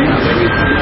Amen.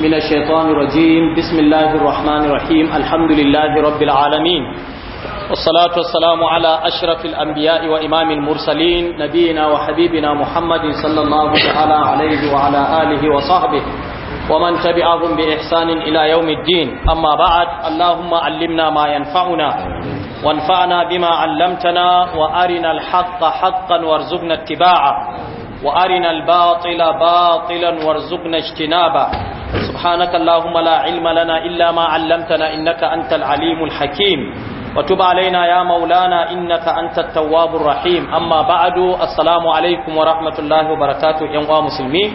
من الشيطان الرجيم بسم الله الرحمن الرحيم الحمد لله رب العالمين والصلاة والسلام على أشرف الأنبياء وإمام المرسلين نبينا وحبيبنا محمد صلى الله تعالى عليه وعلى آله وصحبه ومن تبعهم بإحسان إلى يوم الدين أما بعد اللهم علمنا ما ينفعنا وانفعنا بما علمتنا وأرنا الحق حقا وارزقنا اتباعه وأرنا الباطل باطلا وارزقنا اجتنابه سبحانك اللهم لا علم لنا إلا ما علمتنا إنك أنت العليم الحكيم وتب علينا يا مولانا إنك أنت التواب الرحيم أما بعد السلام عليكم ورحمة الله وبركاته يا مسلمين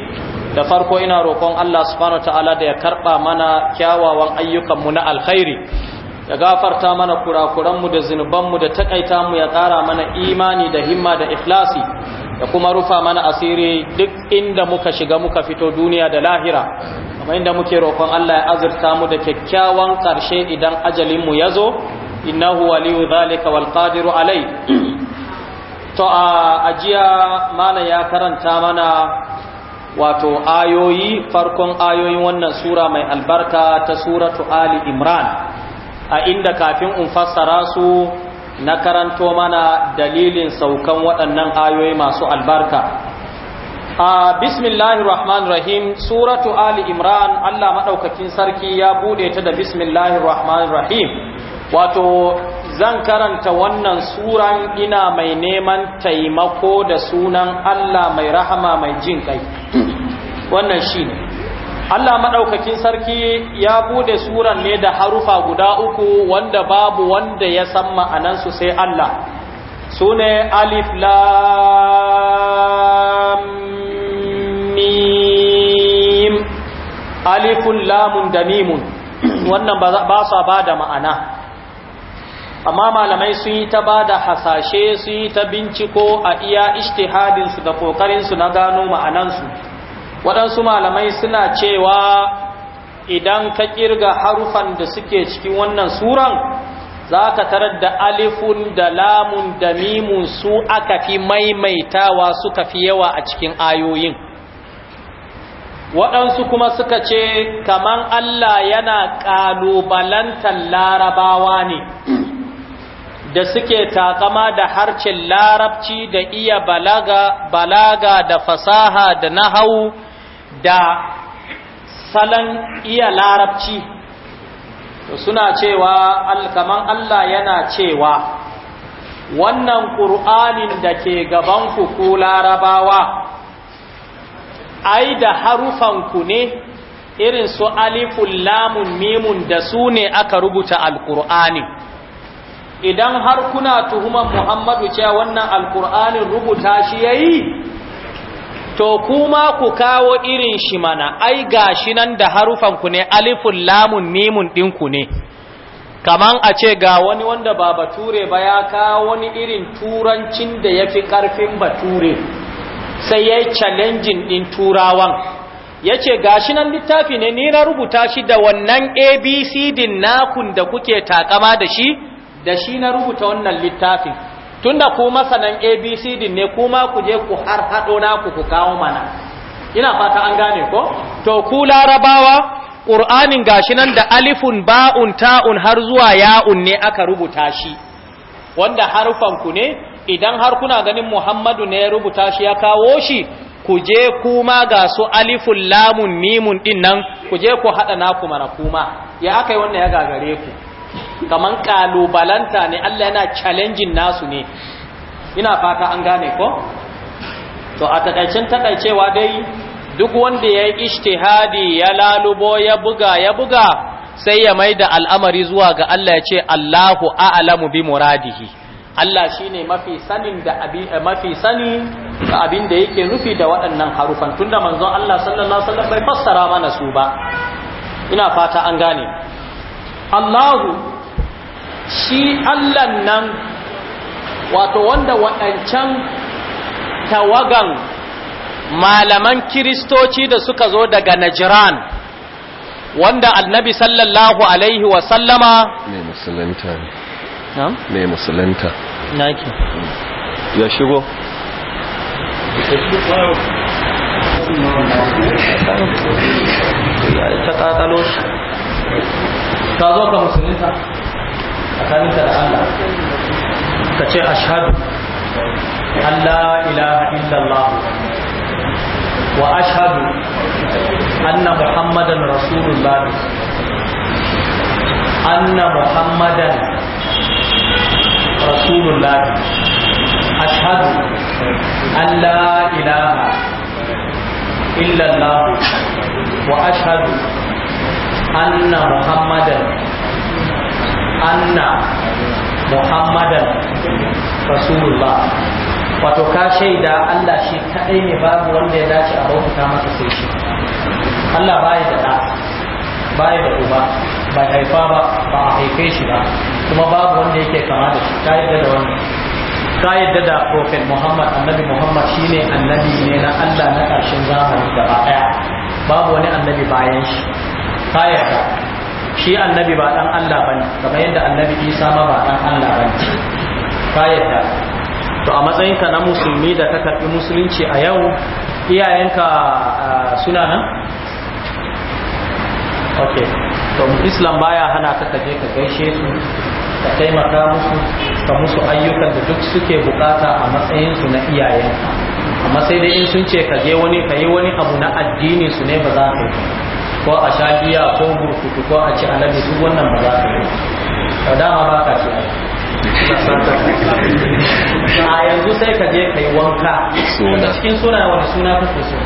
da farko ina roƙon Allah subhanahu wataala da ya karɓa mana kyawawan ayyukanmu na alkhairi ya gafarta mana kurakuranmu da mu da takaita mu ya ƙara mana imani da himma da ikhlasi da kuma rufa mana asiri duk inda muka shiga muka fito duniya da lahira kamar inda muke roƙon Allah ya azurta mu da kyakkyawan ƙarshe idan ajalin mu zo innahu waliyu zalika wal qadiru alai to a ajiya mala ya karanta mana wato ayoyi farkon ayoyin wannan sura mai albarka ta suratu ali imran a inda kafin in fassara su na karanto mana dalilin saukan waɗannan ayoyi masu albarka a bismillahi rahim suratu ali imran allah maɗaukakin sarki ya buɗe ta da bismillahi rahman rahim wato zan karanta wannan suran ina mai neman taimako da sunan allah mai rahama mai jin kai wannan shi ne allah maɗaukakin sarki ya buɗe suran ne da harufa guda uku wanda babu wanda ya san ma'anansu sai allah su ne alif la mim lamun da wannan ba su ba da ma'ana amma malamai sun yi ta bada hasashe sun yi ta binciko a iya ishtihadinsu da su na gano ma'anansu waɗansu malamai suna cewa idan ka kirga harufan da suke cikin wannan suran za ka tarar da alifun da lamun da mimun su aka fi maimaitawa suka fi yawa a cikin ayoyin waɗansu kuma suka ce kaman Allah yana ƙalubalantar larabawa ne da suke taƙama da harcin larabci da iya balaga, da fasaha da nahau da salon iya larabci suna cewa kaman Allah yana cewa wannan ƙur'anin da ke gabanku ku larabawa ai da harufanku ne irin su alifun lamun mimun da su ne aka rubuta alkur'ani idan har kuna tuhuman muhammadu cewa wannan alkur'anin rubuta shi ya yi to kuma ku kawo irin shi mana ai ga shi nan da harufanku ne alifun lamun mimun ku ne kaman a ce ga wani wanda ba bature ba ya kawo wani irin turancin da ya fi ƙarfin bature sai ya yi challenging ɗin turawan ya ce gashi nan littafi ne ni na rubuta shi da wannan abc din nakun da kuke takama da shi da shi na rubuta wannan littafin tunda ku masanan din ne kuma ku je ku har haɗo naku ku kawo mana ina fata an gane ko to ku larabawa ƙur'anin gashi nan da alifun ba'un ta'un har zuwa ya'un ne aka rubuta shi wanda harufanku ne idan har kuna ganin Muhammadu ne ya rubuta shi ya kawo shi ku je kuma ga su alifun lamun mimun din nan ku je ku haɗa naku mana kuma ya aka yi wannan ya gagare ku kaman kalubalanta ne Allah yana challenging nasu ne ina fata an gane ko to a takaicen takaicewa dai duk wanda ya yi ishtihadi ya lalubo ya buga ya buga sai ya maida al'amari zuwa ga Allah ya ce Allahu a'lamu bi muradihi Allah shi ne mafi sanin da abi eh, mafi sani da abin da yake nufi da waɗannan harufan tunda manzon Allah sallallahu alaihi wasallam bai fassara mana su ba ina fata an gane Allahu shi Allah nan wato wanda waɗancan tawagan malaman kiristoci da suka zo daga Najran wanda annabi sallallahu alaihi wasallama ne mai musulunta naki ya shigo ta kakalo shi ta zo ka musulunta a kaninta da Allah ka ce ashadu Allah ilaha illallah wa ashadu anna muhammadan rasulullah anna muhammadan rasulullah ashhadu an la ilaha illa allah wa ashhadu anna muhammadan anna muhammadan rasulullah wato ka shaida Allah shi kaɗai ne babu wanda ya dace a bauta masa sai shi Allah baya da ɗa baya da uba bai haifa ba ba a haife shi ba kuma babu wanda yake kama da shi ta yadda da wani ta yadda da prophet muhammad annabi muhammad shine annabi ne na allah na ƙarshen zamani gaba ɗaya babu wani annabi bayan shi ta yadda shi annabi ba dan allah bane kamar yadda annabi isa ma ba dan allah bane ta yadda to a matsayinka na musulmi da ka karbi musulunci a yau iyayenka ah, suna nan ok to islam baya hana ka kaje ka gaishe su ka taimaka musu ka musu ayyukan da duk suke bukata a matsayin su na iyayen amma sai dai in sun ce ka je wani ka yi wani abu na addini su ne ba za ka yi ko a sha ko burkutu ko a ci alabi duk wannan ba za ka yi ka dama ba ka ci a yanzu sai ka je ka yi wanka cikin suna wani suna kake su.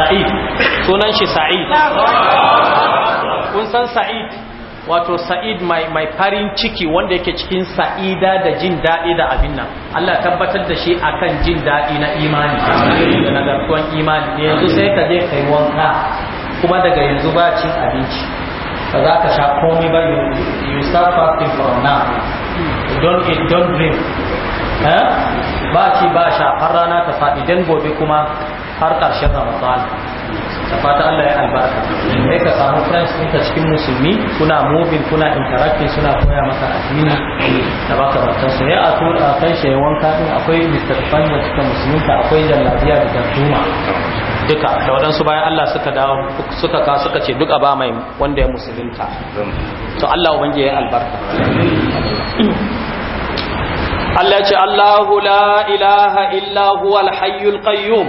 sa'id sunan shi sa'id kun san sa'id wato sa'id mai farin ciki wanda yake cikin sa'ida da jin daɗi da abin nan Allah tabbatar da shi akan jin daɗi na imani da garkuwan imani yanzu sai ka je kai wanka kuma daga yanzu ba cin abinci ba za ka sha komai ba yi yi fasting don eat don drink ba ci ba sha har rana ta faɗi dan gobe kuma har ƙarshen ramadan da fata Allah ya albarka sai ka samu friends ɗinka cikin musulmi kuna moving kuna interacting suna koya maka addini da baka barkan su ya a tura a kan shi wanka din akwai Mr. Fan cikin musulmin musulunta akwai jallabiya da darduma duka da waɗansu bayan Allah suka dawo suka ka suka ce duka ba mai wanda ya musulunta to Allah ubangiji ya albarka Allah ce Allahu la ilaha illa huwal hayyul qayyum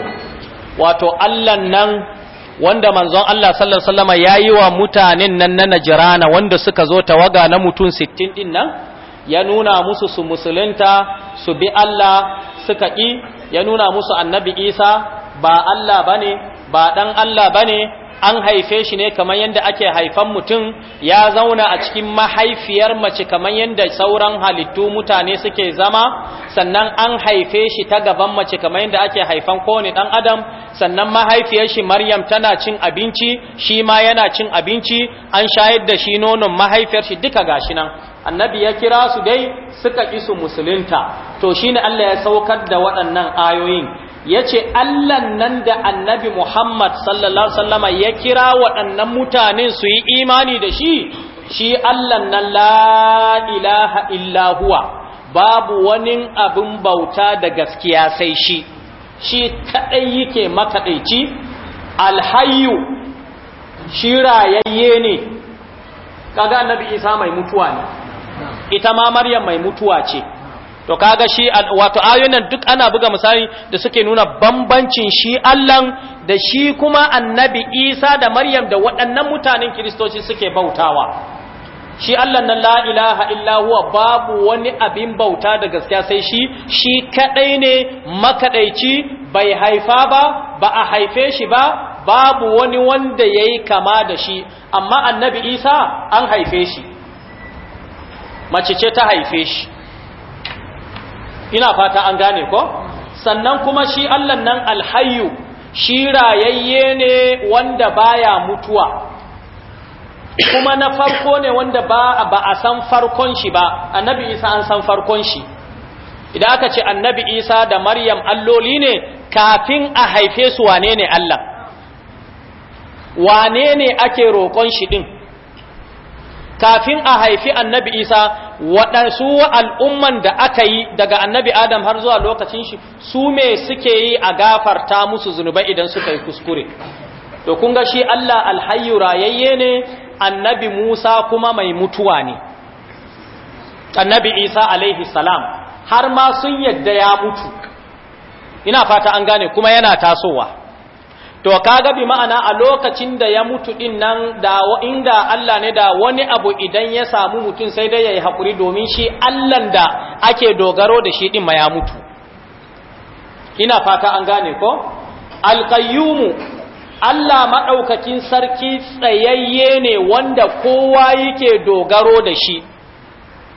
wato Allah nan wanda manzon Allah sallallahu alaihi wasallama yayi wa mutanen nan na Najrana wanda suka zo tawaga na mutum 60 din nan ya nuna musu su musulunta su bi Allah suka ki ya nuna musu annabi Isa ba Allah bane ba dan Allah bane an haife shi ne kamar yadda ake haifan mutum ya zauna a cikin mahaifiyar mace kamar yadda sauran halittu mutane suke zama sannan an haife shi ta gaban mace kamar yadda ake haifan kowane ɗan adam sannan mahaifiyar shi maryam tana cin abinci shi ma yana cin abinci an shayar da shi nonon mahaifiyar shi duka gashi nan annabi ya kira su dai suka isu musulunta to shine Allah ya saukar da waɗannan ayoyin ya ce Allahn nan da annabi Muhammad sallallahu Alaihi wasallama ya kira waɗannan mutanen su yi imani da shi, shi Allahn nan la ilaha illa huwa babu wani abin bauta da gaskiya sai shi, shi kaɗai yake makaɗaici, alhayu shi rayayye ne, kaga annabi Isa mai mutuwa ne, ita ma Maryam mai mutuwa ce. to kaga shi wato ayoyin duk ana buga misali da suke nuna bambancin shi allah da shi kuma annabi Isa da Maryam da waɗannan mutanen Kiristoci suke bautawa shi Allah nan la ilaha illa huwa babu wani abin bauta da gaskiya sai shi shi kadai ne makadaici bai haifa ba ba a haife shi ba babu wani wanda yayi kama da shi amma annabi Isa an haife shi mace ce ta haife shi ina fata an gane ko sannan kuma shi Allah nan alhayyu shi rayayye ne wanda baya mutuwa kuma na farko ne wanda ba ba a san farkon shi ba annabi Isa an san farkon shi idan aka ce annabi Isa da Maryam alloli ne kafin a haife su wane ne Allah wane ne ake roƙon shi din kafin a haifi annabi isa waɗansu al'umman da aka yi daga annabi adam har zuwa lokacin shi su me suke yi a gafarta musu zunubai idan suka yi kuskure to kun ga shi allah alhayu rayayye ne annabi musa kuma mai mutuwa ne annabi isa alaihi salam har ma sun yadda ya mutu ina fata an gane kuma yana tasowa to kaga bi ma'ana a lokacin da ya mutu din nan inda Allah ne da wani abu idan ya samu mutum sai dai yayi hakuri domin shi Allahn da ake dogaro da shi din ma ya mutu ina fata an gane ko alqayyum Allah madaukakin sarki tsayayye ne wanda kowa yake dogaro da shi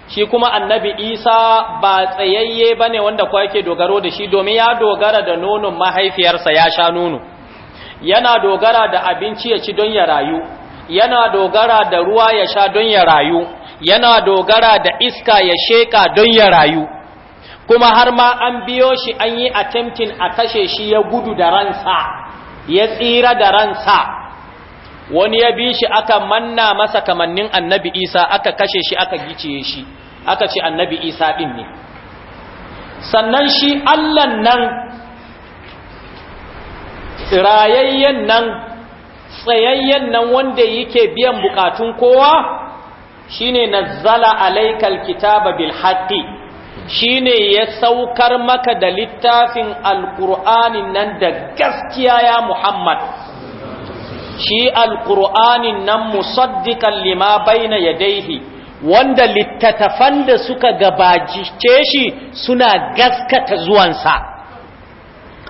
shi kuma annabi Isa ba tsayayye ba ne wanda kowa yake dogaro da shi domin ya dogara da nonon mahaifiyarsa ya sha nono yana dogara da abinci ya ci don ya rayu yana dogara da ruwa ya sha don ya rayu yana dogara da iska ya sheka don ya rayu kuma har ma an biyo shi an yi attempting a kashe shi ya gudu da ransa ya tsira da ransa wani ya bi shi aka manna masa kamannin annabi isa aka kashe shi aka giciye shi aka ce annabi isa ɗin ne sannan shi allan nan rayayyan nan tsayayyen nan wanda yake biyan bukatun kowa shine nazzala alaikal kitaba bil haqqi shine ya saukar maka da littafin alqur'ani nan da gaskiya ya muhammad shi alqur'ani nan musaddiqan lima baina yadayhi wanda littatafan da suka gabace shi suna gaskata zuwansa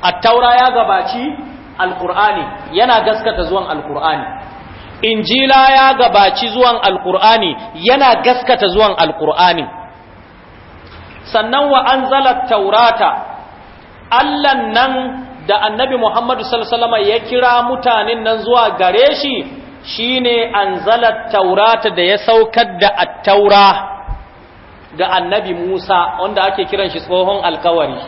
at-taura ya gabaci alƙur'ani yana gaskata zuwan alƙur'ani injila ya gabaci zuwan alƙur'ani yana gaskata zuwan alƙur'ani sannan wa an taurata allan nan da annabi muhammadu sallallahu ya kira mutanen nan zuwa gare shi shine an taurata da ya saukar da attaura ga annabi musa wanda ake kiran shi tsohon alkawari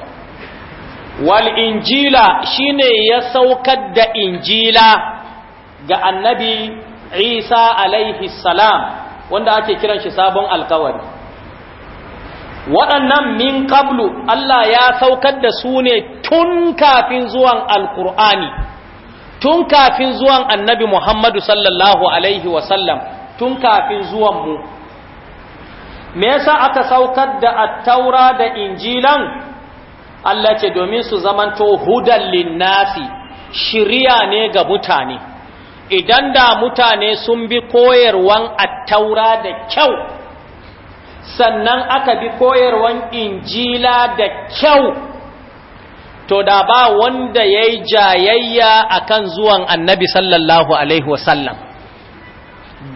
wal injila shine ya saukar da injila ga annabi isa alaihi salam wanda ake kiran shi sabon alkawari waɗannan min qablu Allah ya saukar da su ne tun kafin zuwan alkur'ani tun kafin zuwan annabi muhammadu sallallahu alaihi wasallam tun kafin zuwan mu me yasa aka saukar da attaura da injilan Allah ce domin su zamanto hudan linnasi shiriya ne ga mutane idan da mutane sun bi koyarwan attaura da kyau sannan aka bi koyarwan injila da kyau to da ba wanda ya yi jayayya a kan zuwan annabi sallallahu alaihi wasallam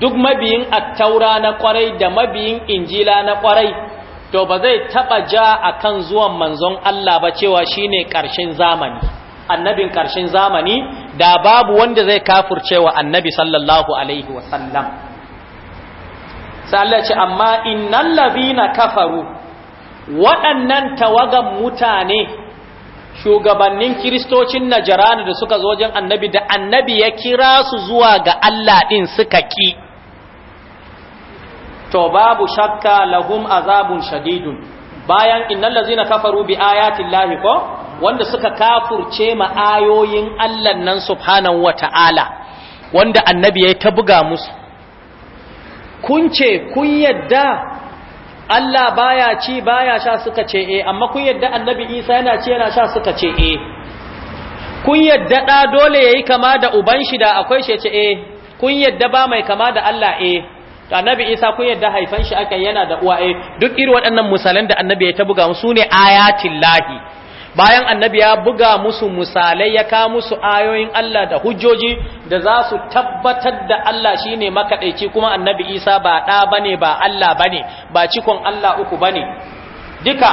duk mabiyin attaura na kwarai da mabiyin injila na kwarai to ba zai taba ja akan zuwan manzon Allah ba cewa shine ƙarshen zamani annabin ƙarshen zamani da babu wanda zai wa annabi sallallahu alaihi wa sallam sallallahu ce amma innal ladina kafaru waɗannan tawagan mutane shugabannin kiristocin najarani da suka zo wajen annabi da annabi ya kira su zuwa ga Allah din suka ki to babu shakka lahum azabun shadidun bayan innal ladzina kafaru bi ayati llahi ko wanda suka kafurce ma ayoyin Allah nan subhanahu wata'ala wanda annabi yayi ta buga musu kun ce kun yadda Allah baya ci baya sha suka ce eh amma kun yadda annabi Isa yana ci yana sha suka ce eh. kun yadda da dole yayi kama da uban shi da akwai shi ce eh kun yadda ba mai kama da Allah eh annabi isa kun yadda haifan shi aka yana da uwa eh duk irin waɗannan misalan da annabi ya ta buga musu ne ayatin lahi bayan annabi ya buga musu misalai ya ka musu ayoyin Allah da hujjoji da za su tabbatar da Allah shine makaɗaici kuma annabi isa ba ɗa bane ba Allah bane ba cikon Allah uku bane duka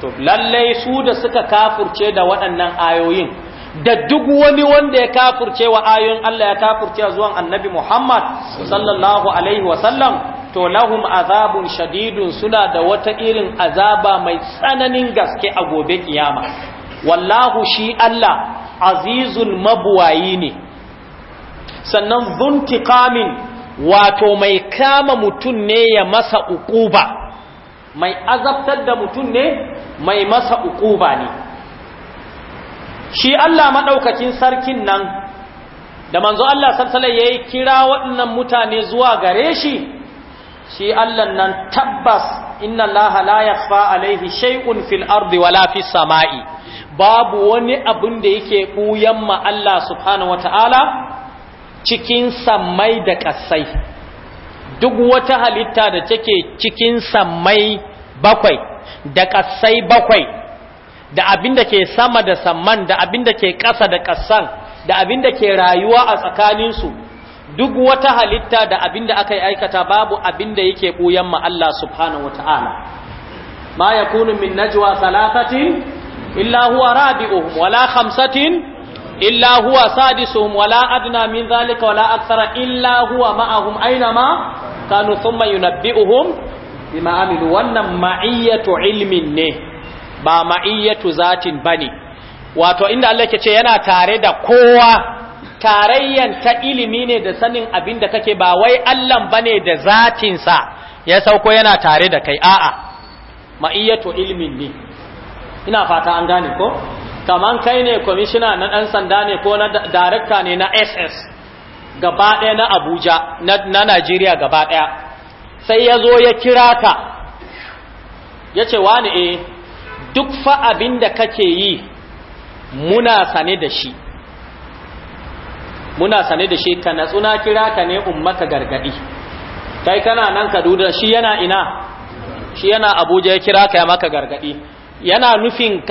to lallai su da suka kafurce da waɗannan ayoyin da duk wani wanda ya kafurce wa ayoyin Allah ya kafurce zuwan annabi Muhammad sallallahu alaihi sallam to lahum azabun shadidun suna da wata irin azaba mai tsananin gaske a gobe kiyama wallahu shi Allah azizul mabuwayi ne sannan zuntiqamin wato mai kama mutum ne ya masa ukuba mai azabtar da mutum ne mai masa ukuba ne shi Allah maɗaukakin sarkin nan da manzo Allah sassala ya yi kira waɗannan mutane zuwa gare shi shi Allah nan tabbas inna Allah la yakhfa alaihi shay'un fil ardi wala fis sama'i babu wani abin da yake buyan ma Allah subhanahu wataala cikin sammai da ƙasai duk wata halitta da take cikin sammai bakwai da ƙasai bakwai da abin da ke sama da samman da abin da ke ƙasa da ƙasar, da abin da ke rayuwa a tsakaninsu duk wata halitta da abin da aka yi aikata babu abin da yake ɓuyan ma Allah subhanahu wata'ala ma ya kunu min najwa salatatin illa huwa rabi'uhum wala hamsatin? illa huwa sadisuhum wala adna min zalika wala aksara illa huwa ma'ahum aina ma kanu thumma yunabbi'uhum bima amilu wannan ma'iyyatu ilmin ne ba ma'iyyatu zatin bane wato inda Allah ke ce yana tare da kowa tarayyan ta ilimi ne da sanin abin da kake ba wai Allah bane da zatinsa ya sauko yana tare da kai a'a ma'iyyatu ilmin ne ina fata an gane ko kaman kai ne kwamishina na ɗan sanda ne ko na darakta ne na ss gaba ɗaya na abuja na najeriya gaba ɗaya sai ya zo ya kira ka ya ce wani eh duk fa abin da kake yi muna sane da shi muna sane da shi ka natsuna kira ka ne ummaka gargadi kai kana nan ka duda shi yana ina shi yana abuja ya kira ka ya maka gargadi yana nufin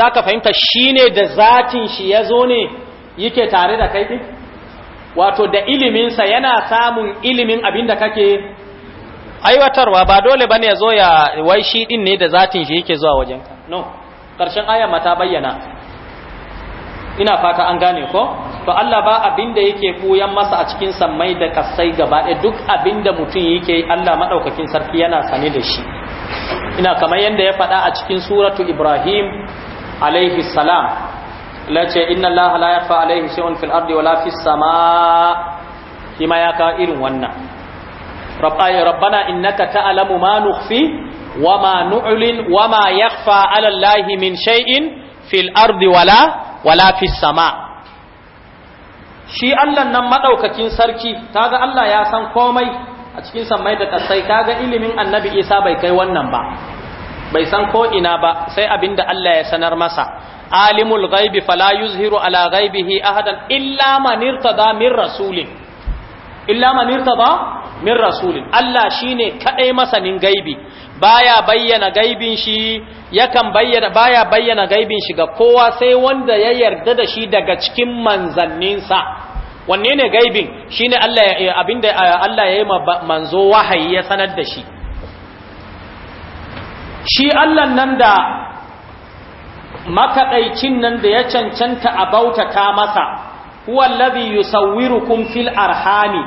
za ka fahimta shi ne da zatin shi ya zo ne yake tare da kai wato da iliminsa yana samun ilimin abin da kake aiwatarwa ba dole bane ya zo ya wai shi din ne da zatin shi yake zuwa wajenka no karshen aya ta bayyana ina fata an gane ko to Allah ba abin abinda yake koyan masa a cikin sammai da kasai gaba ɗaya duk abinda mutum yake Allah madaukakin sarki yana sane da shi ina kamar yadda ya faɗa a cikin suratu Ibrahim alaihi salam lace inna Allah la yakhfa alaihi shay'un fil ardi wala fis sama kima ya ka irin wannan rabbana innaka ta'lamu ma nukhfi wa ma nu'lin wa ma yakhfa 'ala min shay'in fil ardi wala wala fis sama shi Allah nan madaukakin sarki kaga Allah ya san komai a cikin sammai da kasai kaga ilimin annabi Isa bai kai wannan ba bai san ko ina ba sai abinda Allah ya sanar masa alimul ghaibi fala yuzhiru ala ghaibihi ahadan illa man irtada min rasulin illa man irtada min rasulin Allah shine kadai masanin gaibi baya bayyana gaibin shi yakan bayyana baya bayyana gaibin shi ga kowa sai wanda ya yarda da shi daga cikin sa wanne ne gaibin shine Allah abinda Allah ya yi manzo wahayi ya sanar da shi shi Allah nan da makaɗaicin nan da ya cancanta a bautata masa huwa allazi yusawwirukum fil arhami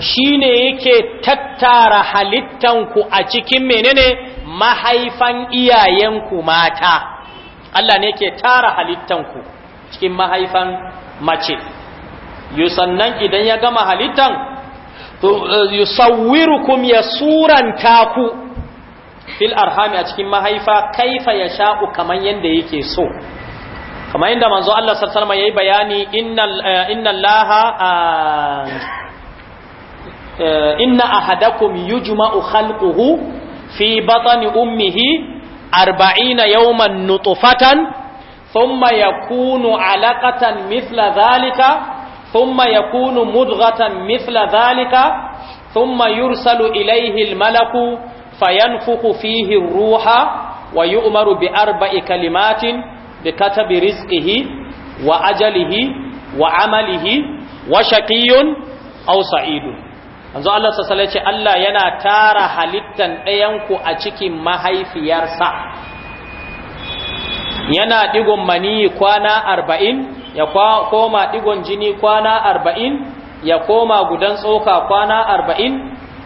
Shi ne yake tattara halittanku a cikin menene mahaifan iyayenku mata Allah ne yake tara halittanku cikin mahaifan mace yusannan idan ya gama halittan eh, yusawwirukum ya suranta ku fil arhami a cikin mahaifa kaifa ya sha'u kaman yanda yake so kaman yanda manzo Allah sallallahu alaihi wasallam yayi bayani innal eh, innallaha ah, Eh, inna ahadakum yujma'u khalquhu fi batni ummihi 40 yawman nutfatan thumma yakunu 'alaqatan mithla dhalika thumma yakunu mudghatan mithla dhalika thumma yursalu ilayhi al-malaku fayanfukhu fihi ar-ruha wa yu'maru bi arba'i kalimatin bi katabi rizqihi wa ajalihi wa amalihi wa shaqiyun aw sa'idun manzo Allah sallallahu Allah yana tara halittan ɗayan a cikin mahaifiyarsa yana ɗigon mani kwana arba'in, ya koma ɗigon jini kwana arba'in, ya koma gudan tsoka kwana arba'in.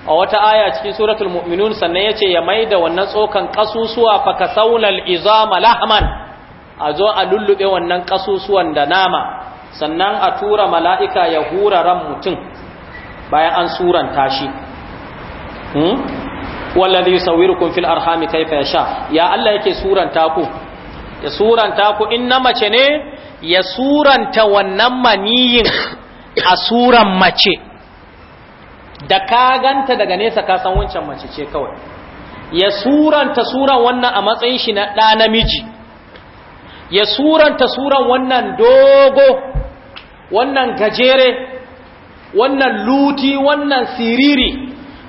a wata aya cikin suratul mu'minun sannan yace ya mai da wannan tsokan ƙasusuwa fa saunar izama lahman a zo a lullube wannan ƙasusuwan da nama sannan a tura mala'ika ya hura ran mutum bayan an suranta shi hmm? wallazi yusawwirukum fil arhami kaifa yasha ya Allah yake suranta ku ya suranta ku in na mace ne ya suranta wannan maniyin a suran mace da ka ganta daga nesa ka san wancan mace ce kawai ya suranta suran wannan a matsayin shi na ɗa namiji ya suranta suran wannan dogo wannan gajere wannan luti wannan siriri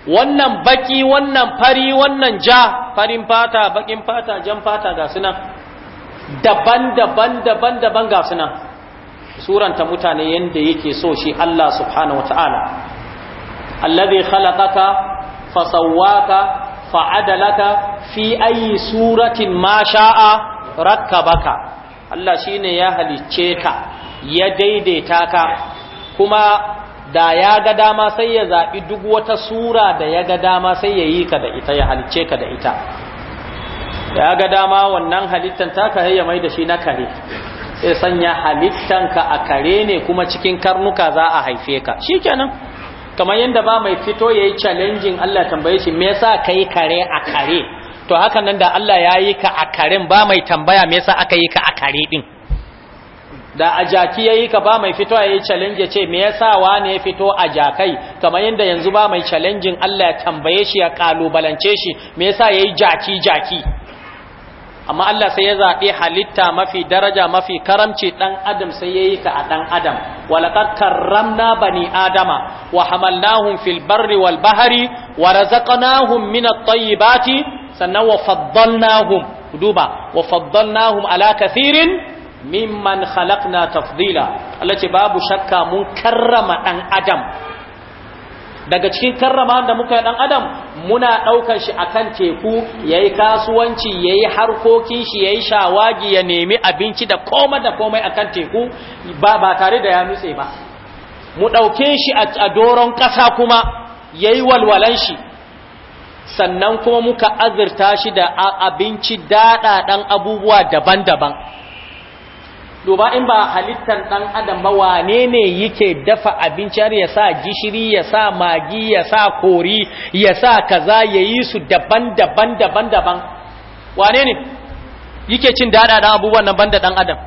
wannan baki wannan fari wannan ja farin fata bakin fata jan fata ga daban-daban daban-daban ga suranta mutane yanda yake so shi Allah subhanahu wataala allazi khalaqaka fasawwaka fa'adalaka fi ayi suratin ma sha'a rakkabaka Allah shine ya halicce ka ya daidaita ka kuma da ya ga dama sai ya zaɓi duk wata sura da ya ga dama sai ya yi ka da ita ya halice ka da ita ya ga dama wannan halittan taka ya mai da shi na kare sai sanya ka a kare ne kuma cikin karnuka za a haife ka shikenan kamar yadda ba mai fito yayi yi challenging Allah tambaye shi me yasa kai kare a kare to hakan nan da Allah ya yi ka a karen ba mai tambaya me yasa aka yi ka a kare din da a jaki yayi ka ba mai fito yayi challenge ya ce me yasa wane ya fito a jakai kamar yadda yanzu ba mai challenging Allah ya tambaye shi ya kalubalance shi me yasa yayi jaki jaki amma Allah sai ya zaɓi halitta mafi daraja mafi karamci ɗan adam sai ya yi ka a ɗan adam walaƙar Ramna bani adama wa hamalnahum fil barri wal bahari wa razaqnahum min at-tayyibati sannan wa faddalnahum duba wa faddalnahum ala kathirin mimman khalaqna tafdila Allah ce babu shakka mun karrama dan adam daga cikin karrama da muka yi dan adam muna daukar shi akan teku yayi kasuwanci yayi harkokin shi yayi shawagi ya nemi abinci da komai da komai akan teku ba ba tare da ya nutse ba mu dauke shi a doron kasa kuma yayi walwalan shi sannan kuma muka azurta shi da abinci daɗaɗan abubuwa daban-daban duba in ba halittar ɗan adam ba wane ne yake dafa abinci har ya sa gishiri ya sa magi ya sa kori ya sa kaza ya yi su daban-daban daban-daban wane ne yake cin daɗa ɗan abubuwan nan da ɗan adam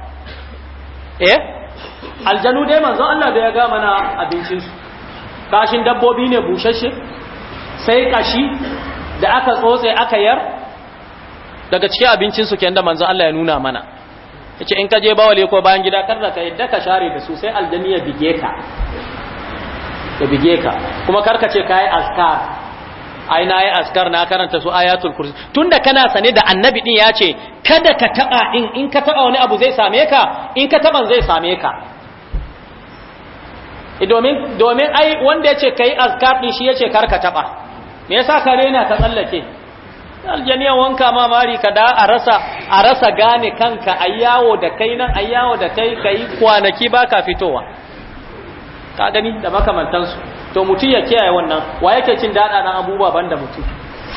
eh aljanu dai manzo Allah da ya ga mana abincinsu kashin dabbobi ne bushashe sai kashi da aka tsotse aka yar daga cikin abincinsu kenan da manzo Allah ya nuna mana yace in ka je bawale ko bayan gida kar da ka yadda ka share da su sai aljani ya bige ka ya bige ka kuma kar ka ce kai askar ai na yi askar na karanta su ayatul kursi tunda kana sane da annabi din yace ce kada ka taba in in ka taba wani abu zai same ka in ka taban zai same ka eh, domin domin ai wanda yace kai askar din shi yace kar ka taba me yasa kare na ka tsallake aljaniyan wanka ma mari ka da a rasa a rasa gane kanka a yawo da kai nan a yawo da kai ka kwanaki ba ka fitowa ka gani da makamantansu to mutum ya kiyaye wannan wa yake cin dada nan abubuwa banda mutum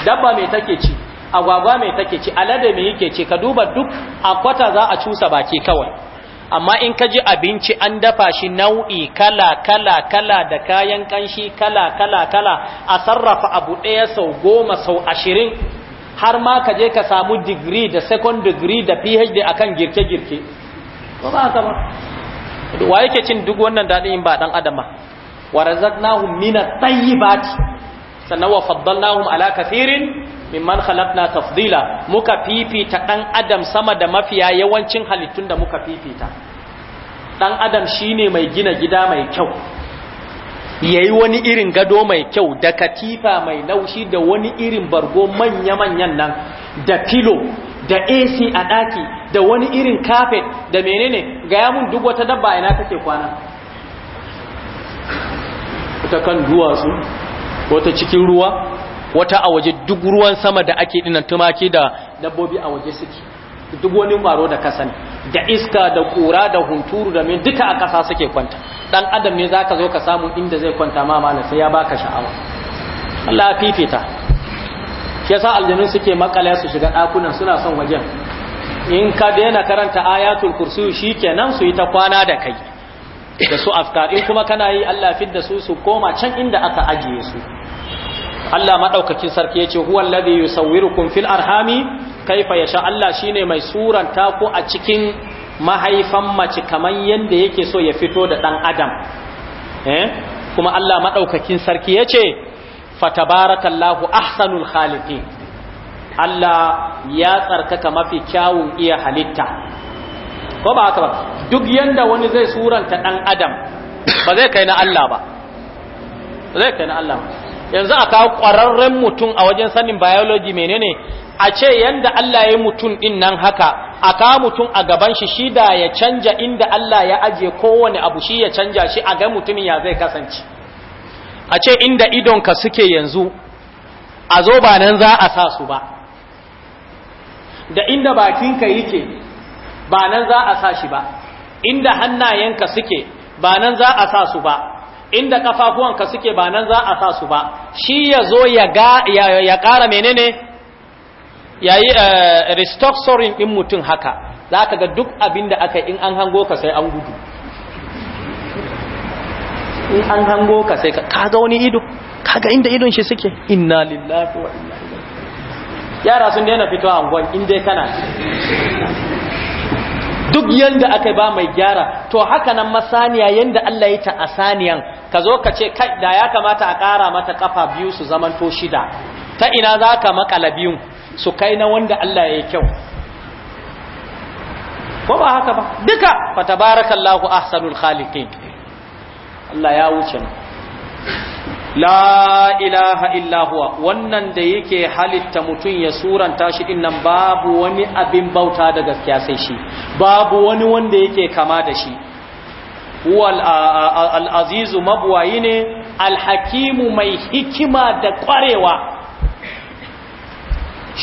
dabba mai take ci agwagwa mai take ci alade mai yake ci ka duba duk a kwata za a cusa baki kawai amma in ka ji abinci an dafa shi nau'i kala kala kala da kayan kanshi kala kala kala a sarrafa abu ɗaya sau goma sau ashirin har ma ka je ka samu digiri da second degree da phd akan girke-girke ba ba ta ba wa yake cin duk wannan daɗin in ba ɗan adama wa razaqnahum min at-tayyibati sannan wa faddalnahum ala kathirin mimman khalaqna tafdila muka fifita ɗan adam sama da mafiya yawancin halittun da muka fifita ɗan adam shine mai gina gida mai kyau yayi wani irin gado mai kyau da katifa mai laushi da wani irin bargo manya-manyan nan da filo da AC a ɗaki da wani irin kafet da menene ga mun duk wata dabba ina take kwana ta kan duwatsu wata cikin ruwa wata a waje duk ruwan sama da ake dinan tumaki da dabbobi a waje suke duk wani maro da kasan da iska da kura da hunturu da min duka a kasa suke kwanta dan adam ne zaka zo ka samu inda zai kwanta ma malam sai ya baka sha'awa Allah ya fifita shi yasa aljanu suke makale su shiga dakunan suna son wajen in ka daina karanta ayatul kursi shikenan su yi ta kwana da kai da su afkar in kuma kana yi Allah fidda su su koma can inda aka ajiye su Allah madaukakin sarki yace huwallazi yusawwirukum fil arhami kaifa ya sha Allah shi ne mai suranta ko a cikin mahaifan mace kaman yadda yake so ya fito da dan adam eh kuma Allah madaukakin sarki ya yace fatabarakallahu ahsanul khaliqin Allah ya tsarkaka mafi kyawun iya halitta ko ba haka ba duk yadda wani zai suranta dan adam ba zai kai na Allah ba zai kai na Allah yanzu a kawo ƙwararren mutum a wajen sanin biology menene a ce yanda Allah ya mutum din nan haka a ka mutum a gaban shi shi da ya canja inda Allah ya aje kowane abu shi ya canja shi a ga mutumin ya zai kasance a ce inda idonka suke yanzu a zo ba nan za a sa su ba da inda bakinka yake ba nan za a sa shi ba inda hannayenka suke ba nan za a sa su ba inda kafafuwanka suke ba nan za a sa su ba shi ya zo ya ƙara menene yayi eh, restructuring din mutum haka za ka ga duk abin da aka in an hango ka sai an gudu in an hango ka sai ka ga wani ido kaga inda idon shi suke inna lillahi wa inna ilaihi yara sun daina fitowa angon in dai kana duk yanda aka ba mai gyara to haka nan masaniya yanda Allah ya ta asaniyan ka zo ka ce kai da ya kamata a ƙara mata kafa biyu su zamanto shida ta ina za ka makala biyun su kai na wanda Allah ya yi kyau ko ba haka ba duka fa tabarakallahu ahsanul khaliqin Allah ya wuce la ilaha illa huwa wannan da yake halitta mutun ya suranta shi innan babu wani abin bauta da gaskiya sai shi babu wani wanda yake kama da shi huwal al-azizu mabwayi ne al-hakimu mai hikima da kwarewa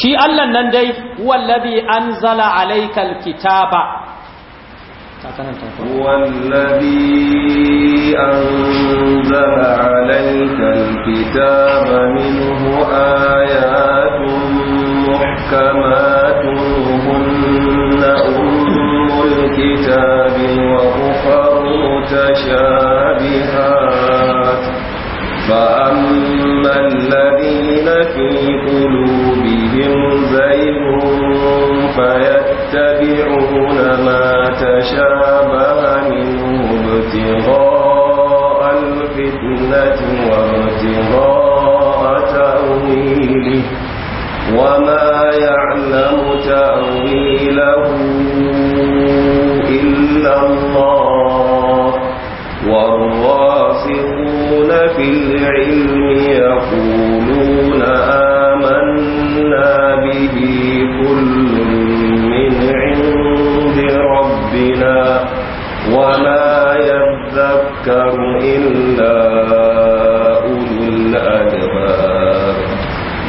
shi Allah nan dai wallabi zala alaikal kitaba wallabi zala alaikal kitaba minhu ayatun muhkamatun hunna ummul kitabi wa ukhra mutashabihat fa amma alladhina fi qulubihim زيغ فيتبعون ما تشابه منه ابتغاء الفتنة وابتغاء تأويله وما يعلم تأويله إلا الله والراسخون في العلم يقولون آمين وما يذكر إلا أولو الألباب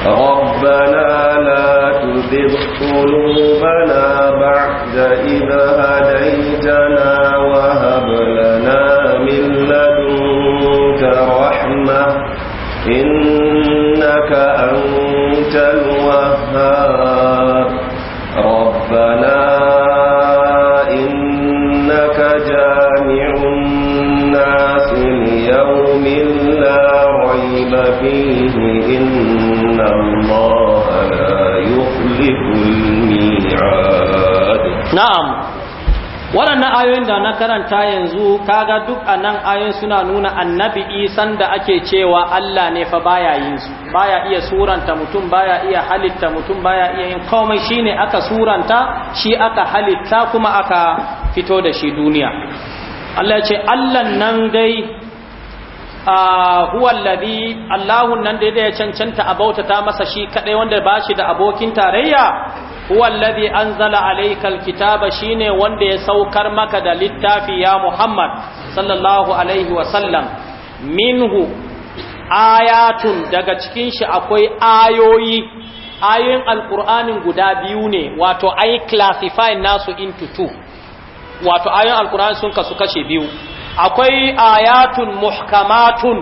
ربنا لا تذب قلوبنا بعد إذا هدى إن الله waɗannan ayoyin da na karanta yanzu kaga duk a nan ayoyin suna nuna annabi isan da ake cewa Allah ne fa baya yin su baya iya suranta mutum baya iya halitta mutum baya iya yin komai shi ne aka suranta shi aka halitta kuma aka fito da shi duniya Allah ya ce Allah nan dai huwa alladhi Allahun nan da ya cancanta a bautata masa shi kadai wanda ba shi da abokin tarayya huwa anzala alaykal kitaba shine wanda ya saukar maka da littafi ya Muhammad sallallahu alaihi wa sallam minhu ayatun daga cikin shi akwai ayoyi ayoyin alqur'anin guda biyu ne wato ay classify nasu into two wato ayoyin alqur'ani sun kasu kashe biyu akwai ayatun muhkamatun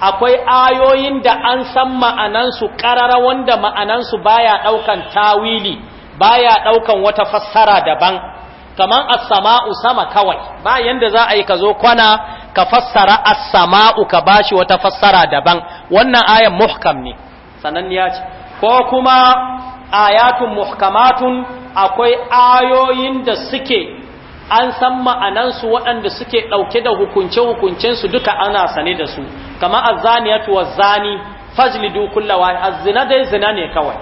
akwai ayoyin da an san ma'anansu ƙarara wanda ma'anansu baya ɗaukan tawili baya ɗaukan wata fassara daban kaman as-sama'u sama kawai ba yanda za a yi ka zo kwana ka fassara as-sama'u ka bashi wata fassara daban wannan ayan muhkam ne ya ce ko kuma ayatun muhkamatun akwai ayoyin da suke an san ma'anansu waɗanda suke ɗauke da hukunce-hukuncensu duka ana sane da su kama azzaniyatu wazzani fajlidu kullawa azzina dai zina ne kawai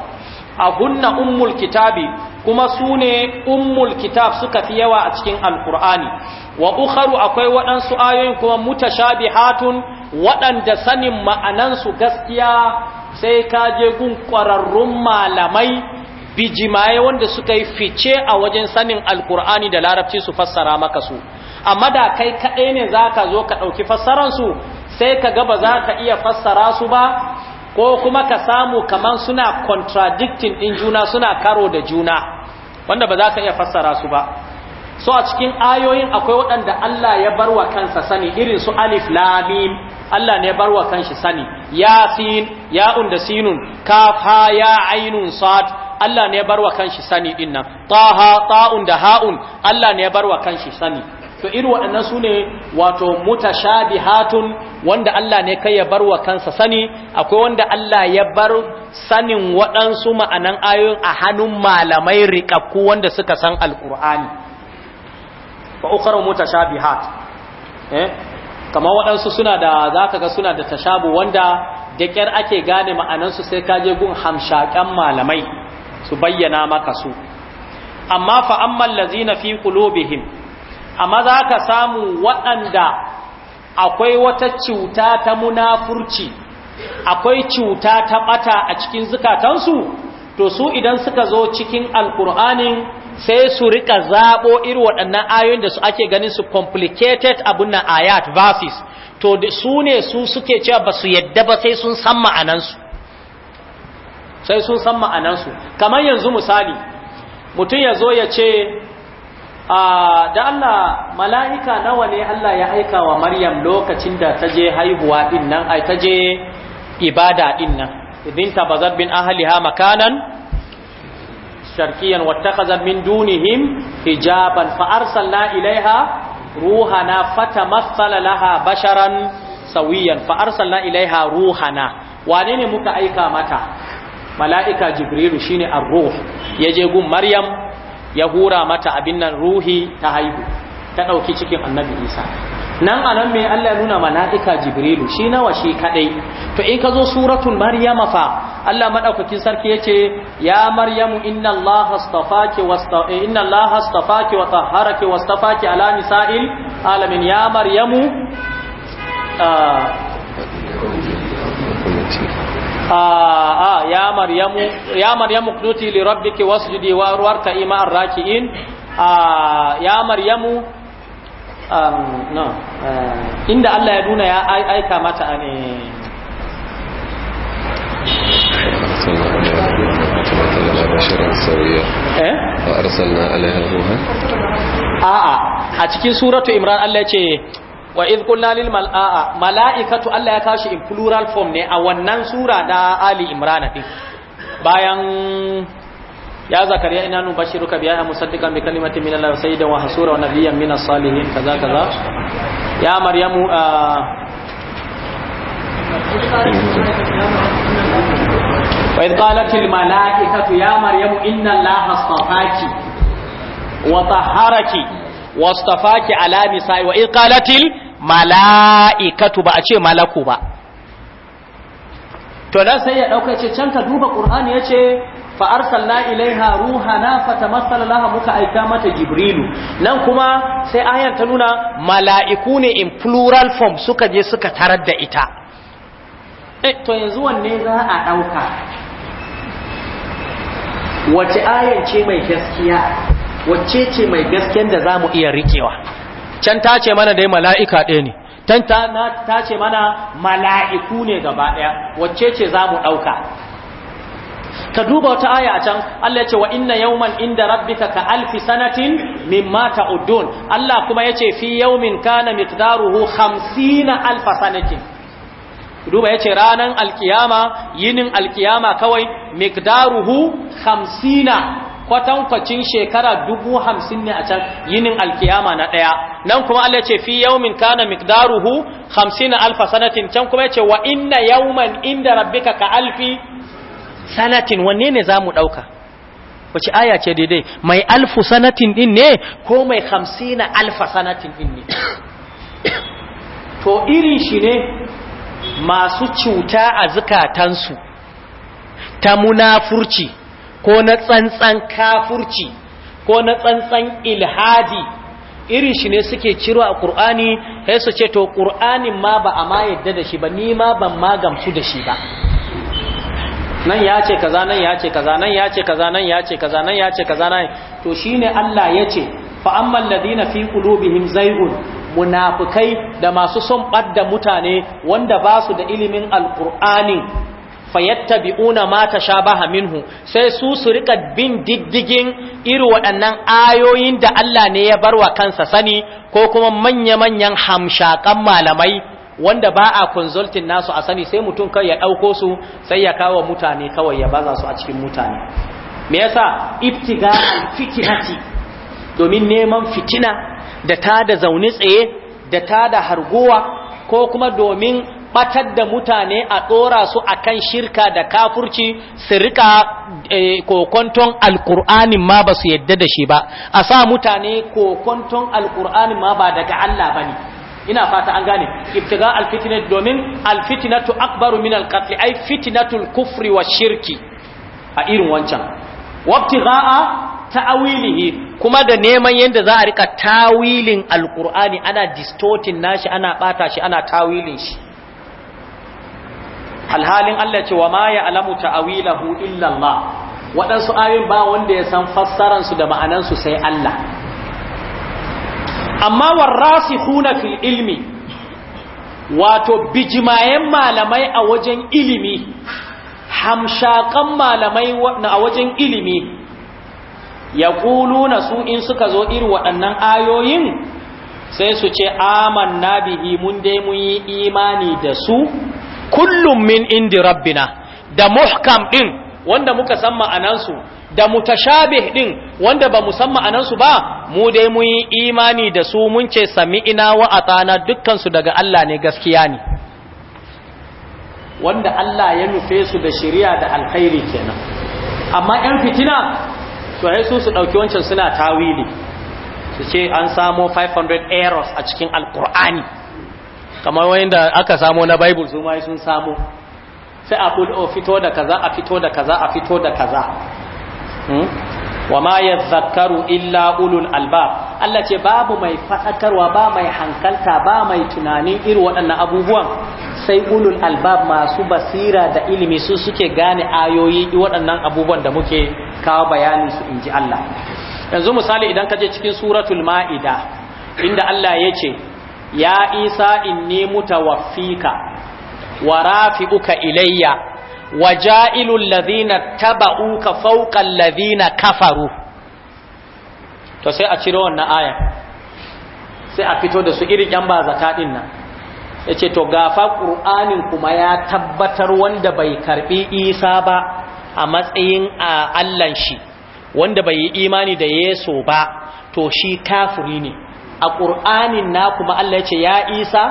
a hunna ummul kitabi kuma su ne ummul kitab suka fi yawa a cikin alkur'ani wa ukharu akwai waɗansu ayoyin kuma mutashabihatun waɗanda sanin ma'anansu gaskiya sai ka je gun ƙwararrun malamai bijimaye wanda suka yi fice a wajen sanin alkur'ani da larabci su fassara maka su amma da kai kaɗai ne za ka zo ka ɗauki su sai ka gaba za ka iya fassara su ba ko kuma ka samu kaman suna contradicting ɗin juna suna karo da juna wanda ba za ka iya fassara su ba so a cikin ayoyin akwai waɗanda Allah ya bar wa kansa sani irin su alif lamim Allah ne bar wa kanshi sani yasin ya'un da sinun kaf ya ainun sad Allah ne ya barwa kanshi sani din nan taha ta'un da ha'un Allah ne ya barwa kanshi sani to irin waɗannan su ne wato mutashabihatun wanda Allah ne kai ya barwa kansa sani akwai wanda Allah ya bar sanin waɗansu ma'anan ayoyin a hannun malamai riƙakku wanda suka san alƙur'ani fa ukharu mutashabihat eh kamar waɗansu suna da za ka ga suna da tashabu wanda da ƙyar ake gane ma'anansu sai ka je gun hamshaƙen malamai su bayyana maka su amma fa amman lazina fi qulubihim amma za ka samu waɗanda akwai wata cuta ta munafurci akwai cuta ta bata a cikin zukatansu to su idan suka zo cikin alkur'anin sai su rika zabo irin waɗannan ayoyin da su ake ganin su complicated abun nan ayat verses to su ne su suke cewa ba su yadda ba sai sun san ma'anansu sai sun san ma'anansu kamar yanzu misali mutum ya zo ya ce da Allah mala'ika nawa ne Allah ya aika wa Maryam lokacin da ta je haihuwa ɗin nan ai ta je ibada ɗin nan binta bazar bin ahaliha makanan sharkiyan wattakazar min dunihim hijaban fa'arsalna ilaiha ruhana fata matsala basharan sawiyan fa'arsalna ilaiha ruhana wane ne muka aika mata mala'ika jibrilu shine ne ruh ya je gun maryam ya hura mata abin nan ruhi ta haihu ta ɗauki cikin annabi isa nan anan me Allah nuna mala'ika jibrilu shi nawa shi kadai to in ka zo suratun maryama fa Allah madaukakin sarki yace ya maryamu inna allaha astafaki wasta eh, inna allaha astafaki ala alamin ya maryamu ah, ya maryamu ya maryamu qunuti li rabbiki wasjudi wa a ya maryamu no inda Allah ya nuna ya aika mata ne a cikin suratu imran Allah ya ce wa idh qulna lil malaa malaikatu Allah ya kashi in plural form ne a wannan sura da Ali Imran din bayan ya zakariya ina nu bashiruka bi ayyi musaddiqan bi kalimatin min Allah sayyidan wa hasura wa nabiyyan min as-salihin kaza kaza ya maryamu ah, wa idh qalat al malaikatu ya maryamu inna Allah astafaki wa tahharaki wastafaki ala nisa'i wa idh qalatil mala'ikatu ba a ce malaku ba to dan sai ya dauka ce can ka duba qur'ani yace fa arsalna ilaiha ruhana fatamassala laha muka aika mata jibrilu nan kuma sai ayar ta nuna mala'iku ne in plural form suka je suka tarar da ita eh to yanzu wanne za a dauka wace ayar ce mai gaskiya Wace ce mai gaskiyar da za mu iya rikewa can ta ce mana dai mala'ika ɗaya ne can ta ce mana mala'iku ne gaba ɗaya wacce ce za mu ɗauka ka duba wata aya a can Allah ya ce wa inna yawman inda rabbika ka alfi sanatin mimma ta'udun Allah kuma ya ce fi yawmin kana miqdaruhu 50 alfa sanatin duba yace ranar ranan alkiyama yinin alkiyama kawai miqdaruhu 50 kwatankwacin shekara dubu hamsin ne a can yinin alkiyama na ɗaya nan kuma Allah ce fi yaumin kana miqdaruhu hamsin alfa sanatin can kuma ce wa inna yauman inda rabbika ka alfi sanatin wanne ne za mu ɗauka wace aya ce daidai mai alfu sanatin din ne ko mai hamsin alfa sanatin din ne to irin shi ne masu cuta a zukatansu ta munafurci ko na tsantsan kafurci ko na tsantsan ilhadi irin shi ne suke ciro a ƙur'ani sai su ce to ƙur'anin ma ba a ma yadda da shi ba ni ma ban ma gamsu da shi ba nan ya ce kaza nan ya ce kaza nan ya ce kaza nan ya ce kaza nan ya ce kaza nan to shine Allah ya ce fa amman ladina fi qulubihim zaygun munafikai da masu son badda mutane wanda ba su da ilimin alqur'ani fayattabi'una mata tashabaha minhu sai su su rika bin diddigin iri waɗannan ayoyin da Allah ne ya barwa kansa sani ko kuma manya-manyan hamshakan malamai wanda ba a consulting nasu a sani sai mutum kai ya ɗauko su sai ya kawo mutane kawai ya baza su a cikin mutane me yasa ibtiga alfitinati domin neman fitina da ta da zaune tsaye da ta da harguwa ko kuma domin batar da mutane a ɗora su a kan shirka da kafurci su rika eh, kokonton alkur'anin ma ba su yadda da shi ba a sa mutane kokonton alkur'anin ma ba daga Allah ba ne ina fata an gane ibtiga alfitinat domin alfitinatu akbaru min alqatl ay fitnatul kufri wa shirki a irin wancan wabtigha'a ta'awilihi kuma da neman yadda za a rika tawilin alkur'ani ana distorting nashi ana bata shi ana tawilin shi alhalin Allah ce wa ma alamu ta'awilahu illa Allah waɗansu ayoyin ba wanda ya san fassaran su da ma'anan su sai Allah amma warasikhuna fil ilmi wato bijimayen malamai a wajen ilimi hamshakan malamai a wajen ilimi ya kuluna su in suka zo irin waɗannan ayoyin sai su ce aman na bihi mun dai mun yi imani da su kullum min indi rabbina da muhkam din wanda muka san ma'anansu da mutashabih din wanda ba mu san ma'anansu ba mu dai mun yi imani da su mun ce sami'ina wa atana dukkan su daga Allah ne gaskiya ne wanda Allah ya nufe su da shari'a da alkhairi kenan amma ɗan fitina to ai su su ɗauki wancan suna tawili su ce an samo 500 errors a cikin alqur'ani kamar wanda aka samo na bible su ma sun samo sai a oh, fito da kaza a fito da kaza a fito da kaza hmm? wa ma ya zakaru illa ulul albab Allah ce babu mai fadakarwa ba mai hankalta ba mai tunanin irin waɗannan abubuwan sai ulul albab masu basira da ilimi su suke gane ayoyi waɗannan abubuwan da muke kawo bayani su inji Allah yanzu misali idan ka je cikin suratul ma'ida inda Allah ya ce ya isa inni mutawaffika wa rafi'uka ilayya wa ja'ilul ladhina taba'uka fawqa alladhina kafaru to sai a ciro wannan aya sai a fito da su irin yan bazata din nan yace to gafa qur'anin kuma ya tabbatar wanda bai karbi isa ba a matsayin allan shi wanda bai yi imani da yeso ba to shi kafiri ne a ƙur'anin na kuma Allah ya ce ya isa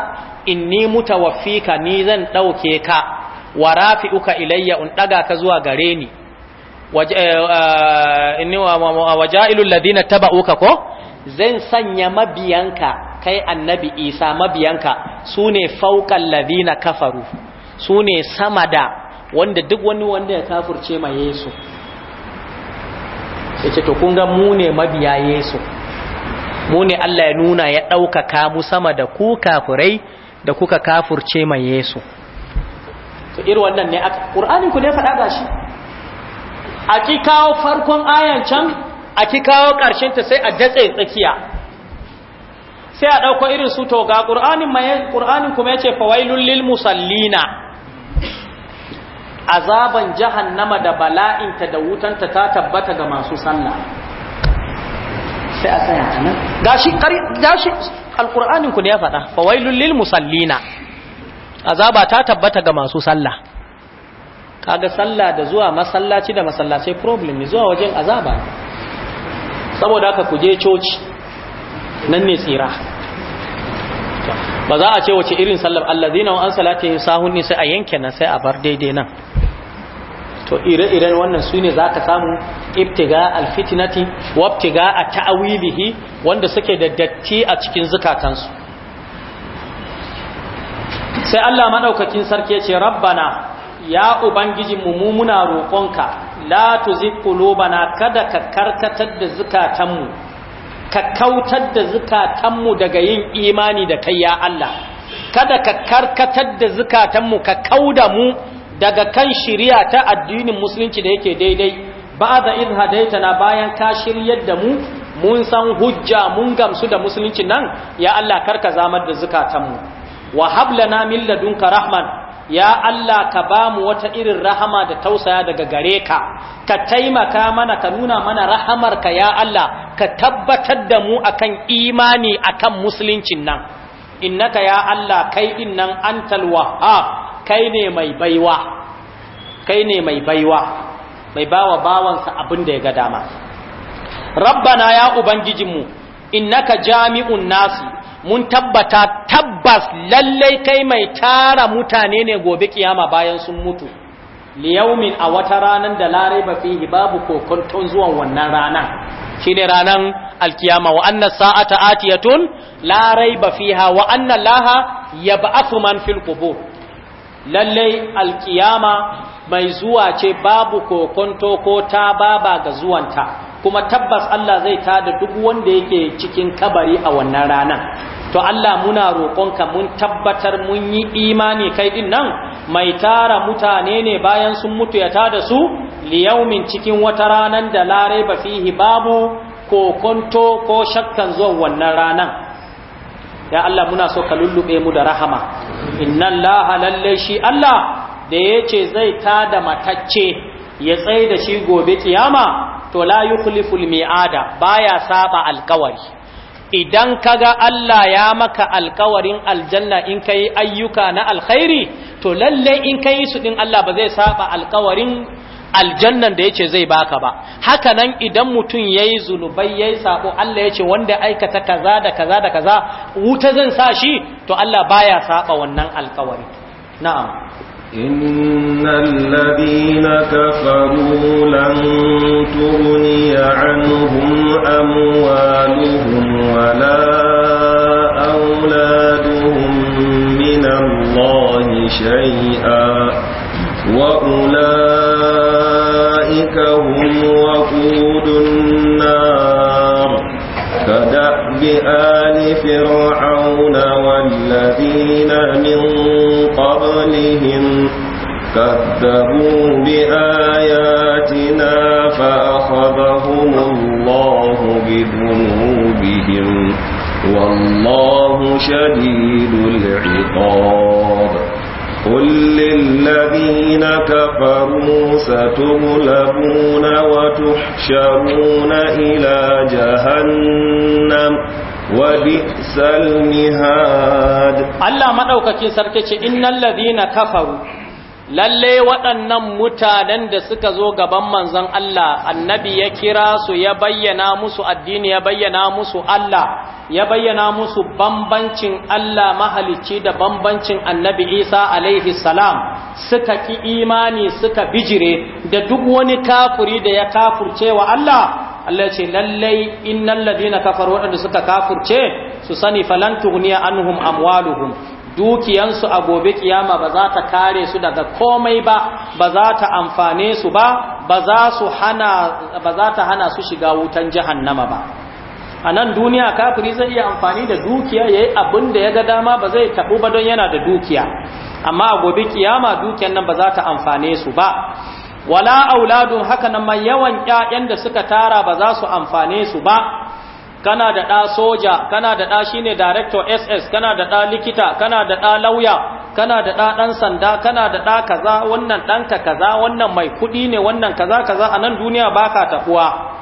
inni mutawafika ni zan ɗauke ka wa uka ilayya in ɗaga ka zuwa gare ni waja'ilul eh, eh, ladina uka ko zan sanya mabiyanka kai annabi isa mabiyanka su ne faukan ladina kafaru su ne sama da wanda duk wani wanda ya kafurce ma yesu ya to kun mu ne mabiya yesu mu ne Allah ya nuna ya ɗaukaka mu sama da ku kafurai da kuka kafurce mai Yesu to irin wannan ne aka Qur'anin ku ne faɗa gashi a ki kawo farkon ayan can a ki kawo ƙarshen ta sai a datse tsakiya sai a ɗauko irin su toga. ga Qur'anin mai yace fawailul lil musallina azaban jahannama da bala'inta da wutanta ta tabbata ga masu sallah sai a tsaya nan gashi gashi alqur'anin ku ne ya faɗa wailul lil musallina azaba ta tabbata ga masu sallah kaga sallah da zuwa masallaci da masallaci problem ne zuwa wajen azaba saboda haka ku je coci nan ne tsira ba za a ce wace irin sallar allazina wa an salatihi sahun sai a yanke nan sai a bar daidai nan to ire-iren wannan su ne za ka samu ibtiga alfitinati wabtiga a ta'awilihi wanda suke da datti a cikin zukatansu sai Allah maɗaukakin sarki ce rabbana ya ubangijinmu mu muna roƙonka la tuzigh qulubana kada ka karkatar da zukatanmu ka kautar da zukatanmu daga yin imani da kai ya Allah kada ka karkatar da zukatanmu ka kauda mu daga kan shirya ta addinin musulunci da yake daidai ba da in na bayan ka shiryar da mu mun san hujja mun gamsu da musulunci nan ya Allah karka zamar da zukatanmu wa hablana min ladunka rahman ya Allah ka bamu wata irin rahama da tausaya daga gare ka ka taimaka mana ka nuna mana rahamar ka ya Allah ka tabbatar da mu akan imani akan musulunci nan innaka ya Allah kai din nan antal wahhab kai ne mai baiwa kai ne mai baiwa mai bawa bawansa abin da ya ga dama rabbana ya ubangijinmu innaka jami'un nasi mun tabbata tabbas lallai kai mai tara mutane ne gobe kiyama bayan sun mutu liyaumin a wata ranar da larai ba fi babu kokonton zuwan wannan rana shine ne ranar alkiyama wa annan sa'ata atiyatun larai ba fi wa anna laha ya man fil qubur lallai alkiyama mai zuwa ce babu kokonto ko ta baba ga zuwanta kuma tabbas Allah zai ta da duk wanda yake cikin kabari a wannan rana to Allah muna roƙonka mun tabbatar mun yi imani kai din nan mai tara mutane ne bayan sun mutu ya tada su liyaumin cikin wata ranar da larai ba fihi babu kokonto ko shakkan zuwan wannan ranan ya Allah muna so ka lullube mu da rahama inna laha lalle shi Allah da yace zai da matacce ya tsaye da shi gobe kiyama to la yukhliful mi'ada baya saba alkawari idan kaga Allah ya maka alkawarin aljanna in kai ayyuka na alkhairi to lalle in kai su din Allah ba zai saba alkawarin aljannan da yace zai baka ba haka nan idan mutum yayi zulubai yayi sako Allah yace wanda aikata kaza da kaza da kaza wuta zan sa shi to Allah baya saba wannan alƙawari na'am innal ladina kafaru lan tuni anhum amwaluhum wala auladuhum minallahi shay'a wa ulai أولئك هم وقود النار كدأب آل فرعون والذين من قبلهم كذبوا بآياتنا فأخذهم الله بذنوبهم والله شديد العقاب قل للذين كفروا ستغلبون وتحشرون إلى جهنم وبئس المهاد الله ما أوكاكي سركتش إن الذين كفروا lalle waɗannan mutanen da suka zo gaban manzon Allah annabi ya kira su ya bayyana musu addini ya bayyana musu Allah ya bayyana musu bambancin Allah mahalicci da bambancin annabi Isa alaihi salam suka ki imani suka bijire da duk wani kafuri da ya kafurce wa Allah Allah ce lallai innal ladina kafaru waɗanda suka kafurce su sani falan tughniya anhum amwaluhum dukiyansu a gobe kiyama ba za ta kare su daga komai ba ba za ta amfane su ba ba za ta hana su shiga wutan jihannama ba a nan duniya kafiri zai iya amfani da dukiya yayi abin da ya ga dama ba zai tabu ba don yana da dukiya amma a gobe kiyama dukiyan nan ba za ta amfane su ba wala auladun haka nan ma yawan ƴaƴan da suka tara ba za su amfane su ba kana da ɗa soja kana da ɗa shine director ss kana da ɗa likita kana da ɗa lauya kana da ɗa ɗan sanda kana da ɗa kaza wannan ɗanka kaza wannan mai kuɗi ne wannan kaza kaza a nan duniya baka tafuwa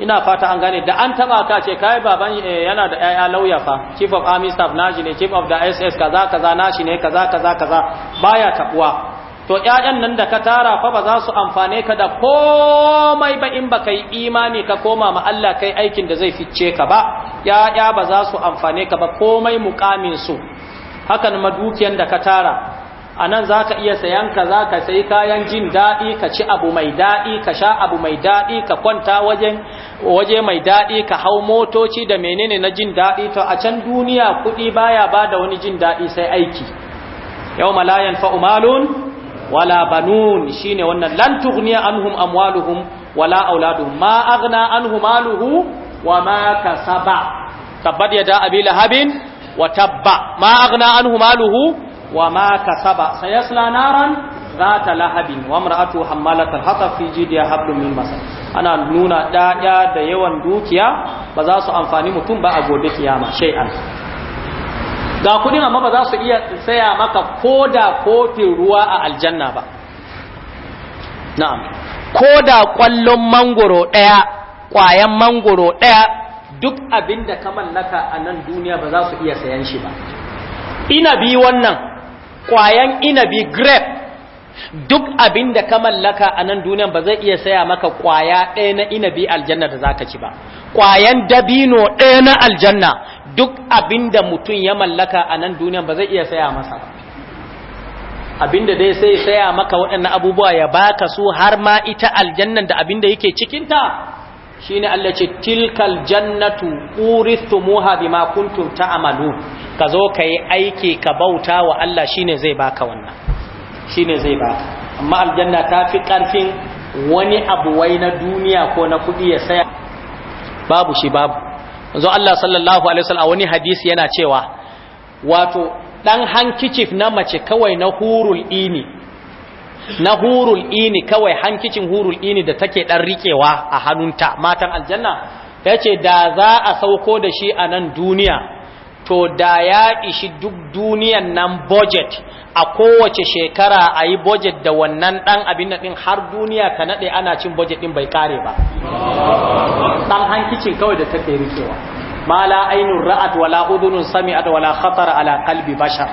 ina fata an gane da an taba ka ce kai baban eh, yana da yaya lauya fa chief of army staff nashi ne chief of the ss kaza kaza nashi ne kaza kaza kaza baya tafuwa to ƴaƴan nan da ka tara fa ba za su amfane ka da komai ba in baka yi imani ka koma ma Allah kai aikin da zai fice ka ba ƴaƴa ba za su amfane ka ba komai mukamin su hakan ma dukiyan da ka tara anan zaka iya sayan ka za ka sayi kayan jin daɗi ka ci abu mai daɗi ka sha abu mai daɗi ka kwanta waje mai daɗi ka hau motoci da menene na jin daɗi to a can duniya kuɗi baya ba da wani jin daɗi sai aiki yau malayan fa'umalun wala banun shine wannan lan tughniya anhum amwaluhum wala auladuhum ma aghna anhum maluhu wa ma kasaba tabbat yada abi lahabin wa tabba ma aghna anhum maluhu wa ma kasaba sayasla naran zata lahabin wa imra'atu hammalat al-hatab fi jidiha hablum min masad ana nuna ɗaya da yawan dukiya ba za su amfani mutum ba a gobe kiyama shay'an ga kudin amma ba za su iya saya maka koda kofin ruwa a aljanna ba na'am koda kwallon mangoro ɗaya kwayan mangoro ɗaya duk abin ka mallaka a nan duniya ba za su iya sayan shi ba inabi wannan kwayan inabi grape duk abinda ka mallaka a nan duniyan ba zai iya saya maka kwaya ɗaya na inabi aljanna da zaka ci ba kwayan dabino ɗaya na aljanna duk abinda mutum ya mallaka a nan duniya ba zai iya saya masa ba abinda dai sai saya maka waɗannan abubuwa ya baka su har ma ita aljannan da abinda yake cikinta ne Allah ce tilkal jannatu urithumuha makuntun ta amalu ka zo yi aiki ka bauta wa Allah Shi ne zai baka wannan shi ne zai baka amma aljanna ta fi ƙarfin wani abu wai na duniya ko na kuɗi ya saya babu shi babu zo Allah sallallahu alaihi wasallam wani hadisi yana cewa wato dan hankicif na mace kawai na hurul ini na hurul ini kawai hankicin hurul ini da take dan rikewa a hannunta matan aljanna yace da za a sauko da shi a nan duniya to da ya ishi duk duniyan nan budget a kowace shekara a yi budget da wannan ɗan abin ɗin har duniya ka naɗe ana cin budget ɗin bai kare ba ɗan hankicin kawai da take rikewa ma la ainun ra'ad wala udunun sami'at wala khatar ala qalbi bashar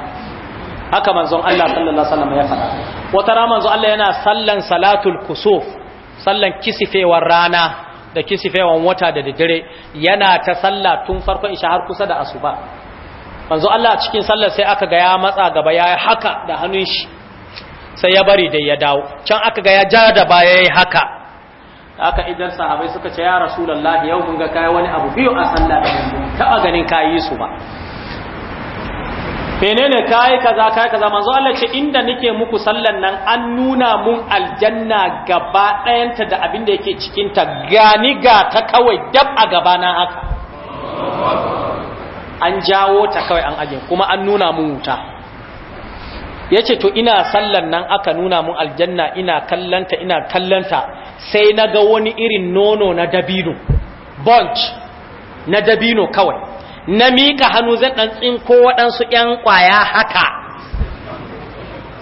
haka manzon Allah sallallahu alaihi ya faɗa wata ra manzon Allah yana sallan salatul kusuf sallan kisifewar rana da kisifewan wata da daddare yana ta sallah tun farko isha har kusa da asuba manzo Allah cikin sallar sai aka ga ya matsa gaba ya haka da hannun shi sai ya bari da ya dawo can aka ga ya ja da baya yayi haka aka idan sahabbai suka ce ya rasulullahi yau mun ga kai wani abu biyu a sallah da mun ganin kayi su ba menene kai kaza kai kaza manzo Allah ce inda nake muku sallan nan an nuna mun aljanna gaba ɗayanta da abin da yake cikin ta gani ga ta kawai dab a gaba na haka an jawo ta kawai an aje kuma an nuna mun wuta yace to ina sallan nan aka nuna mun aljanna ina kallanta ina kallanta sai naga wani irin nono na dabino bunch na dabino kawai na mika hannu zai ɗan tsinko waɗansu ‘yan ƙwaya haka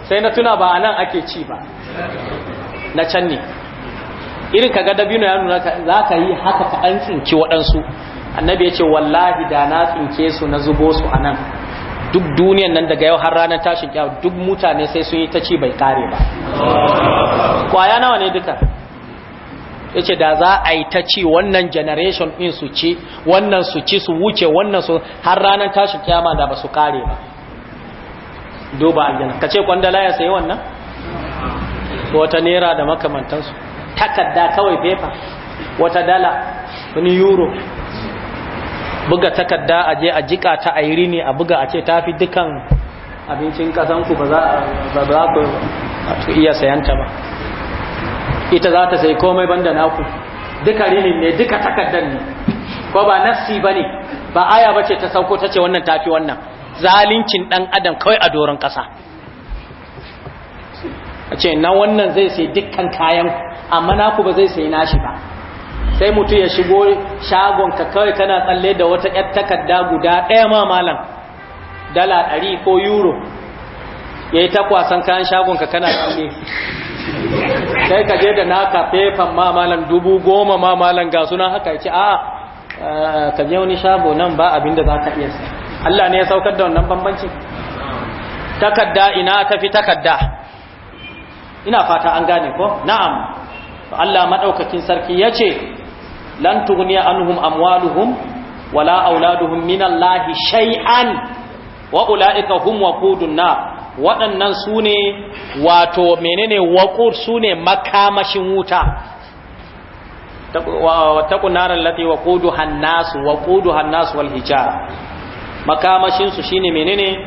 sai na tuna ba a nan ake ci ba na can ne irin gada dabino ya nuna za ka yi haka ka an tsinki waɗansu annabi ya ce wallahi da na tsinke su na zubo su a nan duk duniyan nan daga yau har ranar tashin kyau duk mutane sai sun yi ta ci bai kare ba ƙwaya nawa ne duka yace da za a yi ta ci wannan generation din su ci wannan su ci su wuce wannan su har ranar tashin kiyama da ba su kare ba duba aljanna kace kwandala ya sayi wannan wata naira da makamantansu takarda kawai paper wata dala wani euro buga takarda a je a jika ta airi ne a buga a ce ta fi dukan abincin kasanku ba za ku iya sayanta ba ita za ta sai komai banda naku duka rinin ne duka takaddan ne ko ba nafsi bane ba aya ba ta sauko ta ce wannan tafi wannan zalincin dan adam kawai a doron kasa. a ce na wannan zai sai dukkan kayan amma naku ba zai sai nashi ba sai mutu ya shigo shagon ka kawai kana tsalle da wata ‘yar takarda guda ɗaya ma malam dala ɗari ko euro yayi yi takwasan kayan ka kana tsalle sai ka je da naka fefan ma malam dubu goma ma malam ga suna haka ce a eh, ka je wani shago nan ba abinda za ka iya Allah ne ya saukar da wannan bambancin takadda ina tafi takadda ina fata an gane ko na'am Allah madaukakin sarki yace lan tughniya anhum amwaluhum wala auladuhum minallahi shay'an wa ulaika hum waqudun nar waɗannan su ne wato menene waƙur su ne makamashin wuta taƙunarar lati wa ƙudu hannasu wa ƙudu hannasu wal hijab makamashinsu shine menene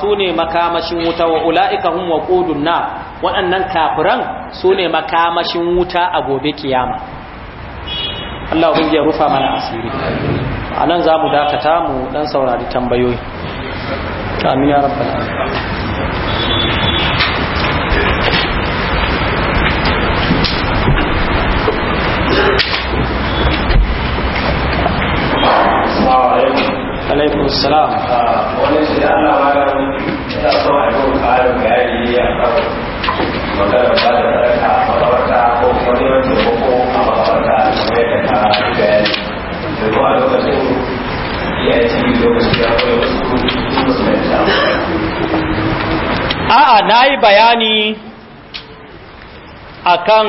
su ne makamashin wuta wa ula'ika hun wa na waɗannan kafiran su ne makamashin wuta a gobe kiyama Allah ya rufa mana asiri a nan za mu dakata mu ɗan saurari tambayoyi آمين يا رب العالمين عليكم السلام وليس لأن غيرهم إذا صنعكم فعلوا بهذه هي أكبر وكان بعد ذلك فطرت عقوق ولم تنفقوا أما طرت عن سبيل الحرام بهذه فالبعد تكون يأتي بدون سبيل a'a na yi bayani akan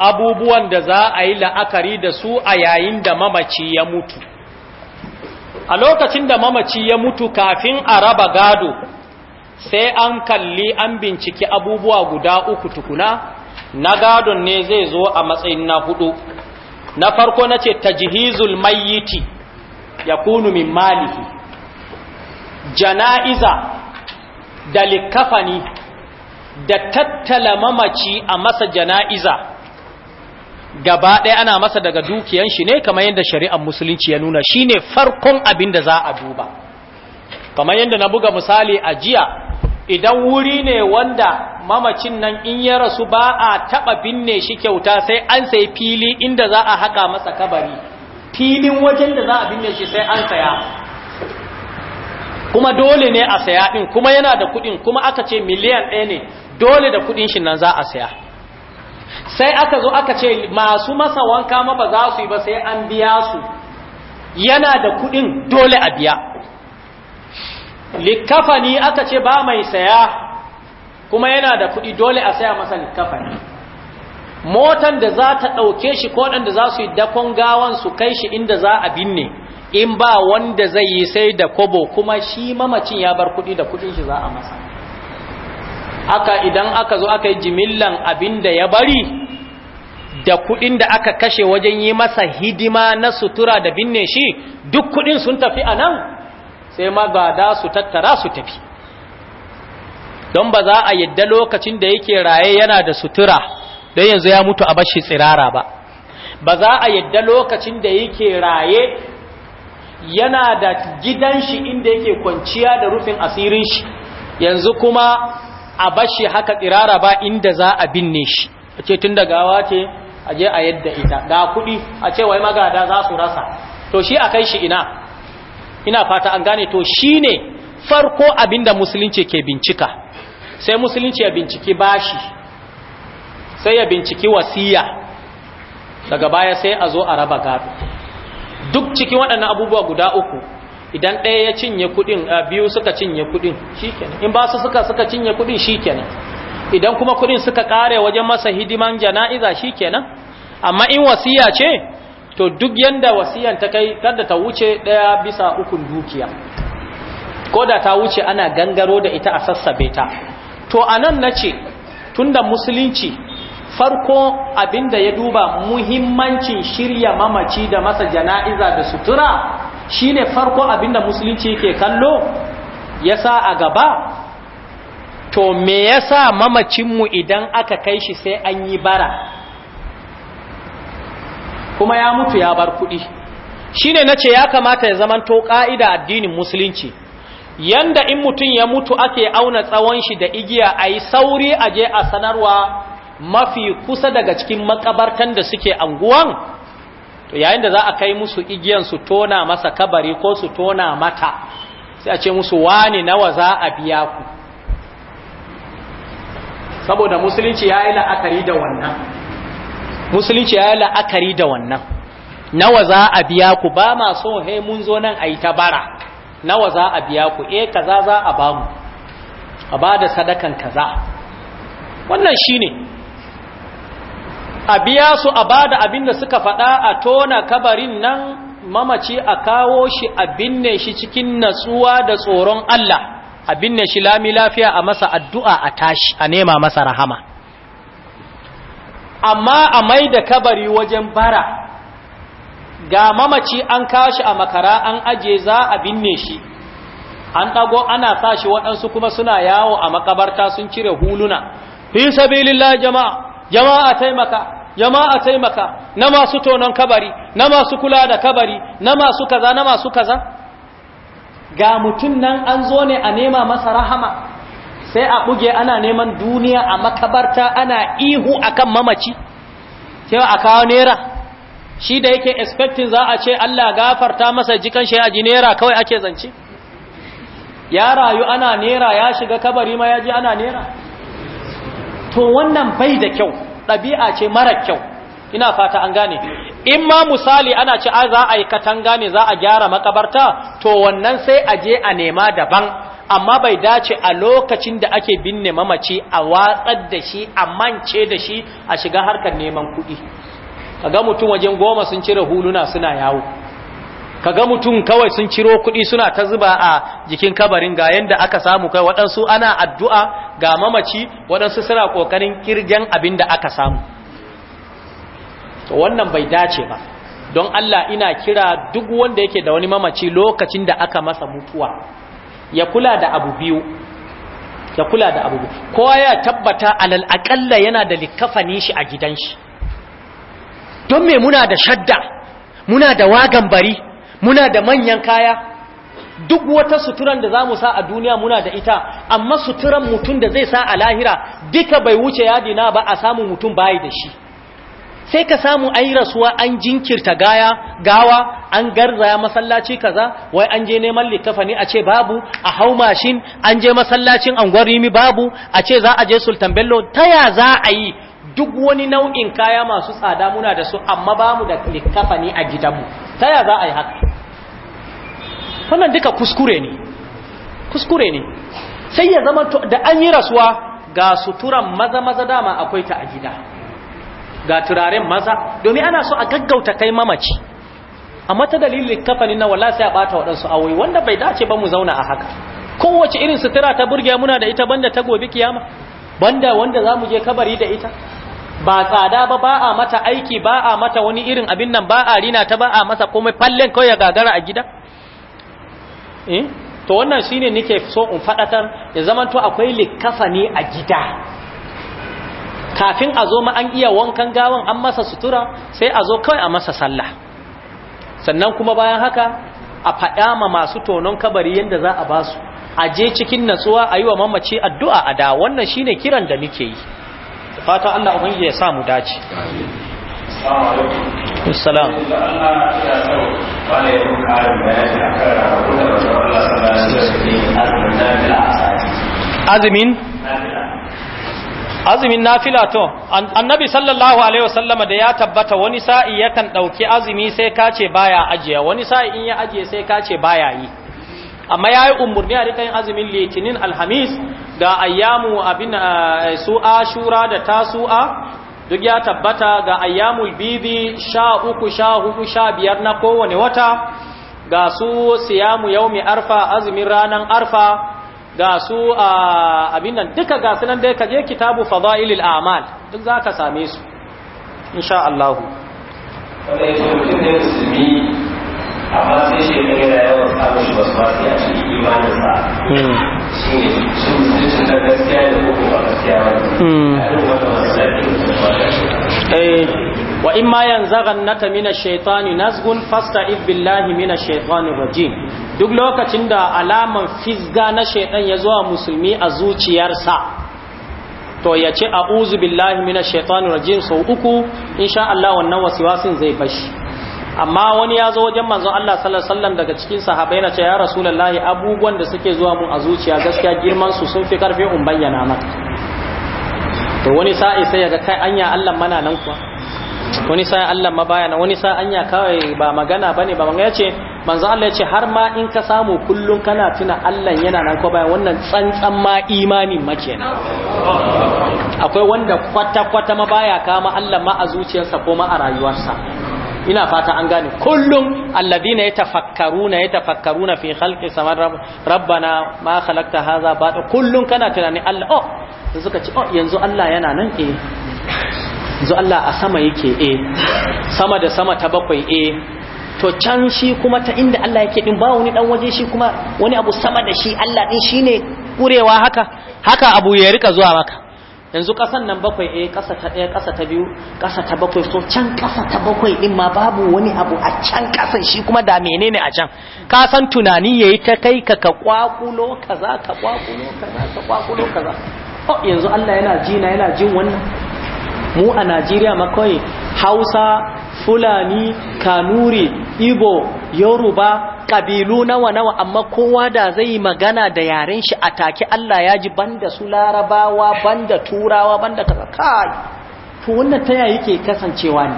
abubuwan da za a yi la'akari da su a yayin da mamaci ya mutu a lokacin da mamaci ya mutu kafin a raba gado sai an kalli an binciki abubuwa guda uku tukuna na gadon ne zai zo a matsayin na hudu na farko na ce jihizul mayyiti ya kunu min malihi jana'iza da likafani da tattala mamaci a masa jana'iza gaba ɗaya ana masa daga dukiyan shi ne kamar yadda shari'ar musulunci ya nuna shine farkon abin da za a duba kamar yadda na buga misali a jiya idan wuri ne wanda mamacin nan in ya rasu ba a taɓa binne shi kyauta sai an sai fili inda za a haƙa masa kabari filin wajen da za a binne shi sai an saya kuma dole ne a saya ɗin kuma yana da kudin kuma aka ce miliyan ɗaya ne dole da kuɗin shi nan za a saya sai aka zo aka ce masu masa wanka ma ba za su yi ba sai an biya su yana da kuɗin dole a biya likafani aka ce ba mai saya kuma yana da kuɗi dole a saya masa likafani motan da za ta ɗauke shi ko da za su yi dakon gawan su kai shi inda za a binne in ba wanda zai yi sai da kobo kuma shi mamacin ya bar kuɗi da kuɗin shi za a masa aka idan aka zo aka yi jimillan abin da ya bari da kuɗin da aka kashe wajen yi masa hidima na sutura da binne shi duk kuɗin sun tafi a nan sai magada su tattara su tafi don ba za a yadda lokacin da yake raye yana da sutura don yanzu ya mutu a bashi tsirara ba ba za a yadda lokacin da yake raye yana da gidan shi inda yake kwanciya da rufin asirin shi yanzu kuma a bashi haka tsirara ba inda za a binne shi a ce tun daga hawa ce a je a yadda ita ga kuɗi a ce wai magada za su rasa to shi a kai shi ina ina fata an gane to shi ne farko abinda musulunci ke bincika sai musulunci ya binciki bashi sai ya binciki wasiya daga baya sai a zo a raba gado duk cikin waɗannan abubuwa guda uku idan ɗaya ya cinye kuɗin a biyu suka cinye kuɗin shikenan in ba su suka suka cinye kuɗin shikenan idan kuma kuɗin suka ƙare wajen masa hidiman jana'iza shikenan amma in wasiya ce to duk yanda wasiyan ta kai kada ta wuce ɗaya bisa ukun dukiya ko da ta wuce ana gangaro da ita a sassabe ta to anan nace tunda musulunci farko abinda ya duba muhimmancin shirya mamaci da masa jana'iza da sutura shine farko abinda musulunci ke kallo yasa a gaba to me yasa mamacinmu idan aka kai shi sai an yi bara kuma ya mutu ya bar kuɗi shine nace ya kamata ya zamanto ƙa'ida addinin musulunci yanda in mutum ya mutu ake auna tsawon shi da igiya a sauri a je a sanarwa mafi kusa daga cikin makabartan da suke anguwan to yayin da za a kai musu igiyan su tona masa kabari ko su tona mata sai a ce musu wani nawa za a biya ku saboda musulunci ya yi la'akari da wannan musulunci ya yi la'akari da wannan nawa za a biya ku ba ma so he mun zo nan a yi ta bara nawa za a biya ku E, kaza za a bamu a ba da sadakan kaza wannan shi ne. a biya su a bada abin da suka faɗa a tona kabarin nan mamaci a kawo shi a binne shi cikin natsuwa da tsoron Allah a binne shi lami lafiya a masa addu'a a tashi a nema masa rahama amma a mai da kabari wajen bara ga mamaci an kawo shi a makara an aje za a binne shi an ɗago ana sa shi waɗansu kuma suna yawo a makabarta sun cire huluna fi sabilillah jama'a jama'a taimaka jama'a taimaka na masu tonon kabari na masu kula da kabari na masu kaza na masu kaza ga mutum nan an zo ne a nema masa rahama sai a buge ana neman duniya a makabarta ana ihu akan mamaci cewa a kawo nera shi da yake expecting za a ce Allah gafarta masa jikan shi a ji nera kawai ake zance ya rayu ana nera ya shiga kabari ma ya ji ana nera to wannan bai da kyau ɗabi'a ce mara kyau ina fata an gane in ma misali ana ce a za a yi katanga ne za a gyara makabarta to wannan sai a je a nema daban amma bai dace a lokacin da ake binne mamaci a watsar da shi a mance da shi a shiga harkar neman kuɗi ga mutum wajen goma sun cire huluna suna yawo Ka ga mutum kawai sun ciro kuɗi suna ta zuba a jikin kabarin ga yanda aka samu kai waɗansu ana addu'a ga mamaci waɗansu suna ƙoƙarin ƙirgen abin da aka samu wannan bai dace ba don Allah ina kira duk wanda yake da wani mamaci lokacin da aka masa mutuwa ya kula da abu biyu ya kula da abu kowa ya tabbata alal aƙalla yana da likkafanin shi a gidan shi don me muna da shadda muna da wagan bari muna da manyan kaya duk wata suturan da za mu sa a duniya muna da ita amma suturan mutum da zai sa a lahira duka bai wuce yadina ba a samun mutum bayi da shi sai ka samu an yi rasuwa an jinkirta gaya gawa an garzaya masallaci kaza wai an je neman littafani a ce babu a hau mashin an je masallacin angwarimi babu a ce za a je sultan bello ta za a yi duk wani nau'in kaya masu tsada muna da su amma bamu da littafani a gidanmu ta ya za a yi haka sannan duka kuskure ne kuskure ne sai ya zama da an yi rasuwa ga suturan maza maza dama akwai ta a gida ga turaren maza domin ana so a gaggauta kai mamaci A ta dalilin kafanin na walla sai a bata waɗansu awoyi wanda bai dace ba mu zauna a haka kowace irin sutura ta burge muna da ita banda ta gobe kiyama banda wanda za je kabari da ita ba tsada ba ba a mata aiki ba a mata wani irin abin nan ba a rina ta ba a masa komai fallen kawai ya gagara a gida Eh? to wannan shine nake so in fadatar ya zamanto akwai likafani a gida kafin a zo ma an iya wankan gawan an masa sutura sai a zo kawai a masa sallah sannan kuma bayan haka a faɗa ma masu tonon kabari yadda za a basu a je cikin natsuwa a yi wa mamaci addu'a a da wannan shine kiran da muke yi fata Allah ubangiji ya mu dace Assalam. Azumin? Azumin nafila to, annabi sallallahu Alaihi wasallama da ya tabbata wani sa'i yakan ɗauki azumi sai kace baya ajiya, wani sa'i in ya ajiye sai kace baya yi. Amma ya yi umarni a rikayin azumin litinin alhamis da ayyamu abin eh, su ashura da tasu'a duk ya tabbata ga ayyamul bibi sha uku sha hudu sha biyar na kowane wata ga su siyamu yaumi arfa azumin ranan arfa ga su a abin nan duka ga su nan dai ka je kitabu fadailil amal duk za ka same su insha Allah ya mutum ne samun shi wasu ya imanin hmm. وإما ne shi na gaskiya da ko ba gaskiya hmm. eh wa in ma shaitani nazgun fasta'id billahi minash rajim duk lokacin da alaman fizga na shaitan ya zo musulmi a zuciyarsa to ya ce uzu billahi rajim sau uku insha Allah wannan wasiwasin zai bashi amma wani ya zo wajen manzon Allah sallallahu alaihi wasallam daga cikin sahabbai na ce ya rasulullahi abubuwan da suke zuwa mun a zuciya gaskiya girman su sun fi karfe in bayyana maka to wani sa'i sai yaga kai anya Allah mana nan kuwa wani sa'i Allah ma bayana wani sa'i anya kawai ba magana bane ba magana yace manzon Allah yace har ma in ka samu kullun kana tuna Allah yana nan ko bayan wannan tsantsan ma imanin ma kenan akwai wanda kwata kwata ma baya kama Allah ma a zuciyarsa ko ma a rayuwarsa ina fata an gane kullum alladina tafakkaru na fi khalqi samar rabbana ma khalaqta hadha ba kullum kana tunani Allah oh sai suka ce oh yanzu Allah yana nan eh yanzu Allah a sama yake eh sama da sama ta bakwai eh to can shi kuma ta inda Allah yake din ba wani dan waje shi kuma wani abu sama da shi Allah din shine kurewa haka haka abu ya rika zuwa maka yanzu ƙasan nan bakwai eh ƙasa ta ɗaya ƙasa ta biyu ƙasa ta bakwai so can ƙasa ta bakwai ɗin ma babu wani abu a can ƙasan shi kuma da menene a can ka san tunani yayi ta kai ka ka kwakulo kaza ka kwakulo kaza ka kwakulo kaza oh yanzu Allah yana jina yana jin wannan mu a Najeriya ma Hausa fulani kanuri ibo yoruba ƙabilu nawa nawa amma kowa da zai magana da yaren shi a take Allah ya ji banda su larabawa banda turawa banda kaza kai to wannan ta yayi ke kasancewa ne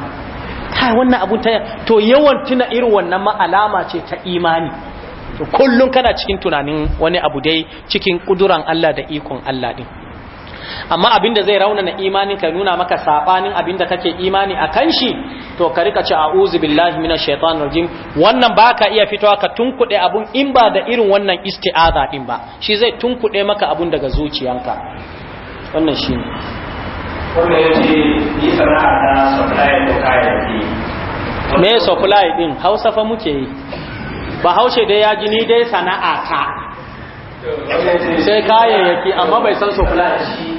kai wannan abun ta to yawan tuna irin wannan ma alama ce ta imani to kullun kana cikin tunanin wani abu dai cikin kuduran Allah da ikon Allah din amma abin da zai raunana imanin ka nuna maka sabanin da kake imani a kan shi to ka rika ci a'udhu billahi minash shaitanir rajim wannan baka iya fitowa ka tunkude abun in ba da irin wannan isti'aza din ba shi zai tunkude maka abun daga zuciyanka wannan shi ne. wanda yace yi sana'a da supply ko kayayyaki me supply din Hausa fa muke yi ba haushe dai ya ji ni dai sana'a ta sai kayayyaki amma bai san supply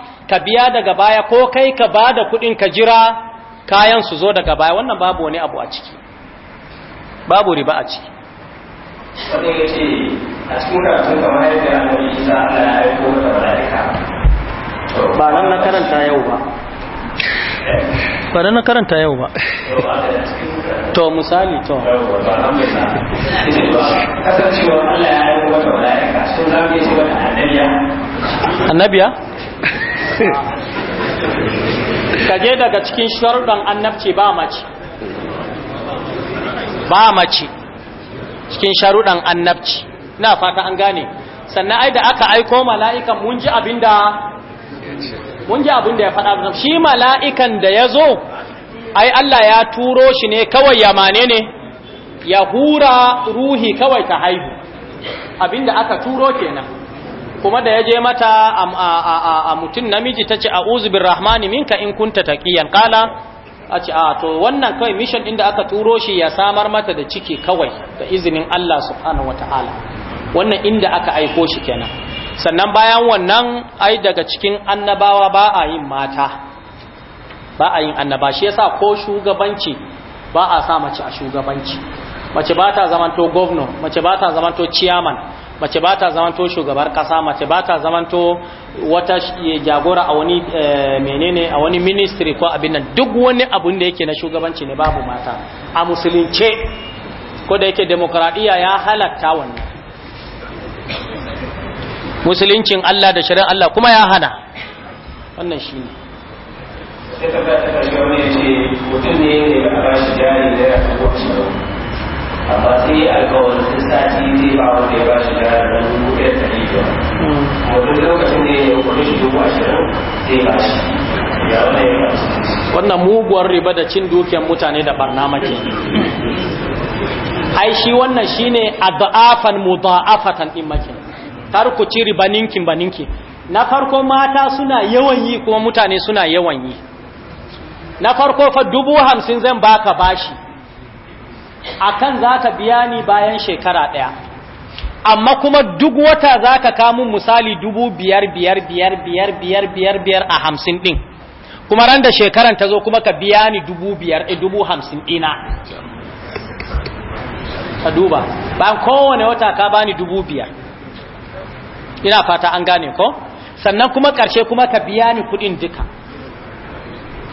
ka biya daga baya ko kai ka ba da kuɗin ka jira kayan su zo daga baya wannan babu wani abu a ciki babu riba a ciki wannan ya ce a cikin isa Allah ya da ba nan na karanta yau ba ba nan na karanta yau ba to misali to kasancewa Allah ya yi da malaika sun zama ya ce wata annabiya annabiya kaje daga cikin sharuɗan annabci ba mace ba mace cikin sharuɗan annabci ina fata an gane sannan ai da aka aiko mala'ikan mun ji abinda mun ji abinda ya faɗa shi mala'ikan da ya zo ai Allah ya turo shi ne kawai ya mane ne ya hura ruhi kawai ta haihu abinda aka turo kenan kuma da ya je mata a mutum namiji ta ce a uzubin rahmani minka in kunta taƙiyan ƙala a ce a to wannan kawai mission inda aka turo shi ya samar mata da ciki kawai da izinin Allah subhanahu wa wannan inda aka aiko shi kenan sannan bayan wannan ai daga cikin annabawa ba a yin mata ba a yin annaba shi yasa ko shugabanci ba a sa mace a shugabanci mace ba ta zamanto governor mace ba ta zamanto chairman mace ba ta zamanto shugabar kasa mace ba ta zamanto wata jagora a wani eh, menene a wani ministry ko abin nan duk wani abun da yake na shugabanci ne babu mata a musulunce ko da yake demokradiya ya halatta wannan musuluncin Allah da shari'ar Allah kuma ya hana wannan shi ne sai ka ta ta ce mutum ne ya ba shi jari da ya amma sai ya alkawarin sai sati zai ba wanda ya ba shi da ranar dubu ta da ɗari biyar wani lokacin da ya yi kuɗi shi dubu ashirin zai ba shi ya wanda ya ba shi wannan muguwar riba da cin dukiyar mutane da barna make ai shi wannan shine adafan mudafatan din make tarku ci riba ninkin baninki na farko mata suna yawan yi kuma mutane suna yawan yi na farko fa dubu hamsin zan baka bashi akan zaka biya ni bayan shekara ɗaya amma kuma duk wata zaka kamun misali dubu biyar biyar biyar biyar biyar biyar biyar a hamsin ɗin kuma ran da shekaran ta zo kuma ka biya ni dubu biyar a eh, dubu hamsin ɗina ka duba bayan kowane wata ka bani dubu biyar ina fata an gane ko sannan kuma ƙarshe kuma ka biya ni kuɗin duka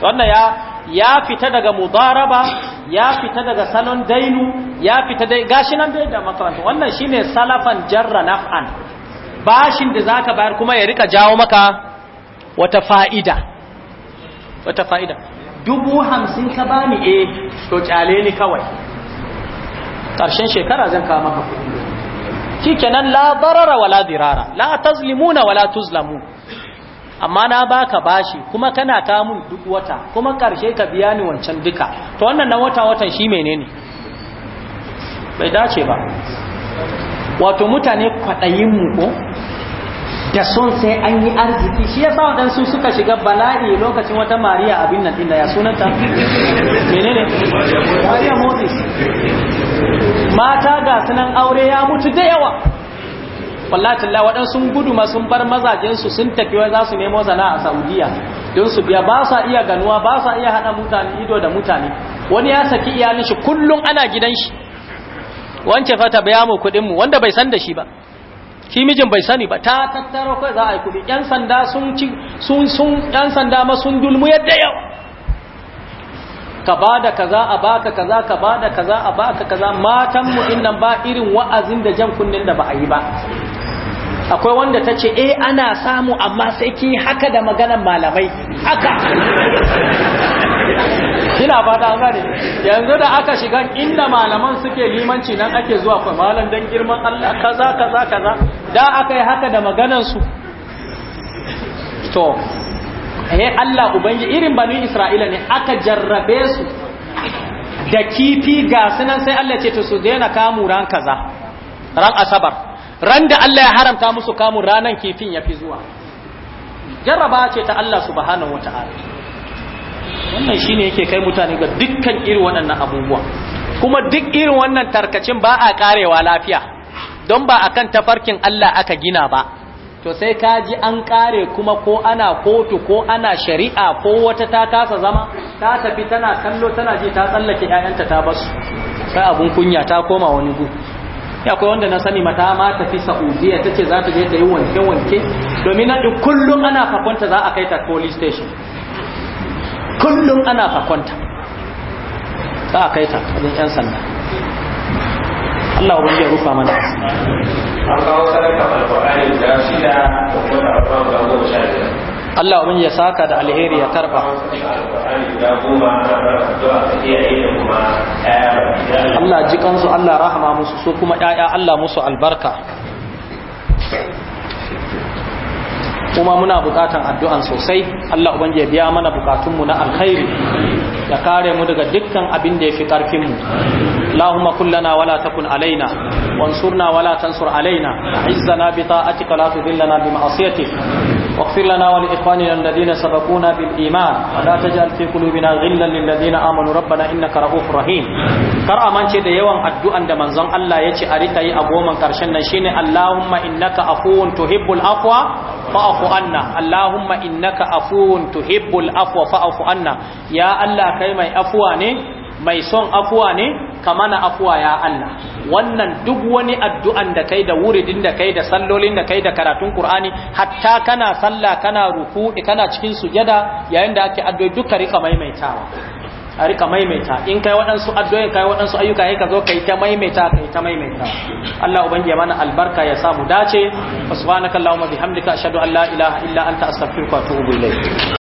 wannan ya ya fita daga mudaraba ya fita daga salon dainu ya fita dai gashi nan dai da makaranta wannan shine salafan jarra naf'an bashin da zaka bayar kuma ya rika jawo maka wata fa'ida wata fa'ida dubu hamsin ka bani eh to kyale ni kawai Karshen shekara zan kawo maka kuɗi nan la darara wala dirara la tazlimuna wala tuzlamun amma na baka bashi kuma kana ka mun duk wata kuma karshe ka biya ni wancan duka to wannan na wata watan shi menene bai dace ba wato mutane kwaɗayin mu ko da son sai an yi arziki shi yasa su suka shiga bala'i lokacin wata mariya abin nan din da ya sunanta menene mariya moses mata ga sunan aure ya mutu da yawa wallahi talla waɗansu gudu ma sun bar mazajensu sun tafi wai za su nemo zana a saudiya don su biya ba sa iya ganuwa ba sa iya haɗa mutane ido da mutane wani ya saki iyalin shi kullum ana gidan shi wance fata biya mu kuɗin mu wanda bai san da shi ba shi mijin bai sani ba ta tattara kai za a yi kuɗi ƴan sanda sun ci sun sun yan sanda ma sun dulmu yadda yau. ka da kaza a baka kaza ka da kaza a baka kaza matan mu innan ba irin wa'azin da jan kunnin da ba a yi ba akwai wanda ta ce eh ana samu amma sai kin haka da maganan malamai haka kina ba da gane yanzu da aka shiga inda malaman suke limanci nan ake zuwa fa malam dan girman Allah kaza kaza kaza da aka yi haka da maganan su to eh Allah ubangi irin banu Isra'ila ne aka jarrabe su da kifi ga sunan sai Allah ce to su daina kamu ran kaza ran asabar ran da Allah ya haramta musu kamun ranan kifin ya fi zuwa jarraba ce ta Allah subhanahu ta'ala wannan shi ne yake kai mutane ga dukkan irin waɗannan abubuwa kuma duk irin wannan tarkacin ba a karewa lafiya don ba a kan tafarkin Allah aka gina ba to sai ka ji an kare kuma ko ana kotu ko ana shari'a ko wata ta kasa zama ta tafi tana kallo tana ji ta tsallake 'ya'yanta ta basu sai abun kunya ta koma wani gu ya akwai wanda na sani mata ma tafi Saudiya ce za ta je ta yi wanke wanke domin na kullum ana fakonta za a kai ta police station kullum ana fakonta za a kai ta wajen yan sanda Allah wani ya rufa mana an kawo sadaka alqur'ani da shida da kuma da goma sha biyar Allah ubin ya saka da alheri ya karba Allah ji Allah rahama musu su kuma ƴaƴa Allah musu albarka kuma muna bukatan addu'an sosai Allah uban ya biya mana bukatunmu na alkhairi ya kare mu daga dukkan abin da ya fi ƙarfinmu Allahumma kullana wala takun alaina wansurna wala tansur alaina izzana bi ta'atika la tudillana bi ma'asiyatik واغفر لنا ولإخواننا الذين سبقونا بالإيمان ولا تجعل في قلوبنا غلا amanu آمنوا inna ka رؤوف رحيم kar a mance da yawan addu'an da manzon Allah ya ce a rika yi a goman karshen nan shine Allahumma innaka afuwun tuhibbul afwa fa'fu anna Allahumma innaka afuwun tuhibbul afwa fa'fu anna ya Allah kai mai afuwa ne mai son afuwa ne ka mana afuwa ya Allah wannan duk wani addu'an da kai da wuridin da kai da sallolin da kai da karatun Qur'ani hatta kana sallah kana ruku'i kana cikin sujada yayin da ake addu'o'i duka rika maimaitawa a rika maimaita in kai waɗansu addu'o'in kai waɗansu ayyuka sai ka zo kai ta maimaita kai ta maimaita Allah ubangiji mana albarka ya samu dace subhanakallahumma bihamdika ashhadu an la ilaha illa anta astaghfiruka wa atubu ilayk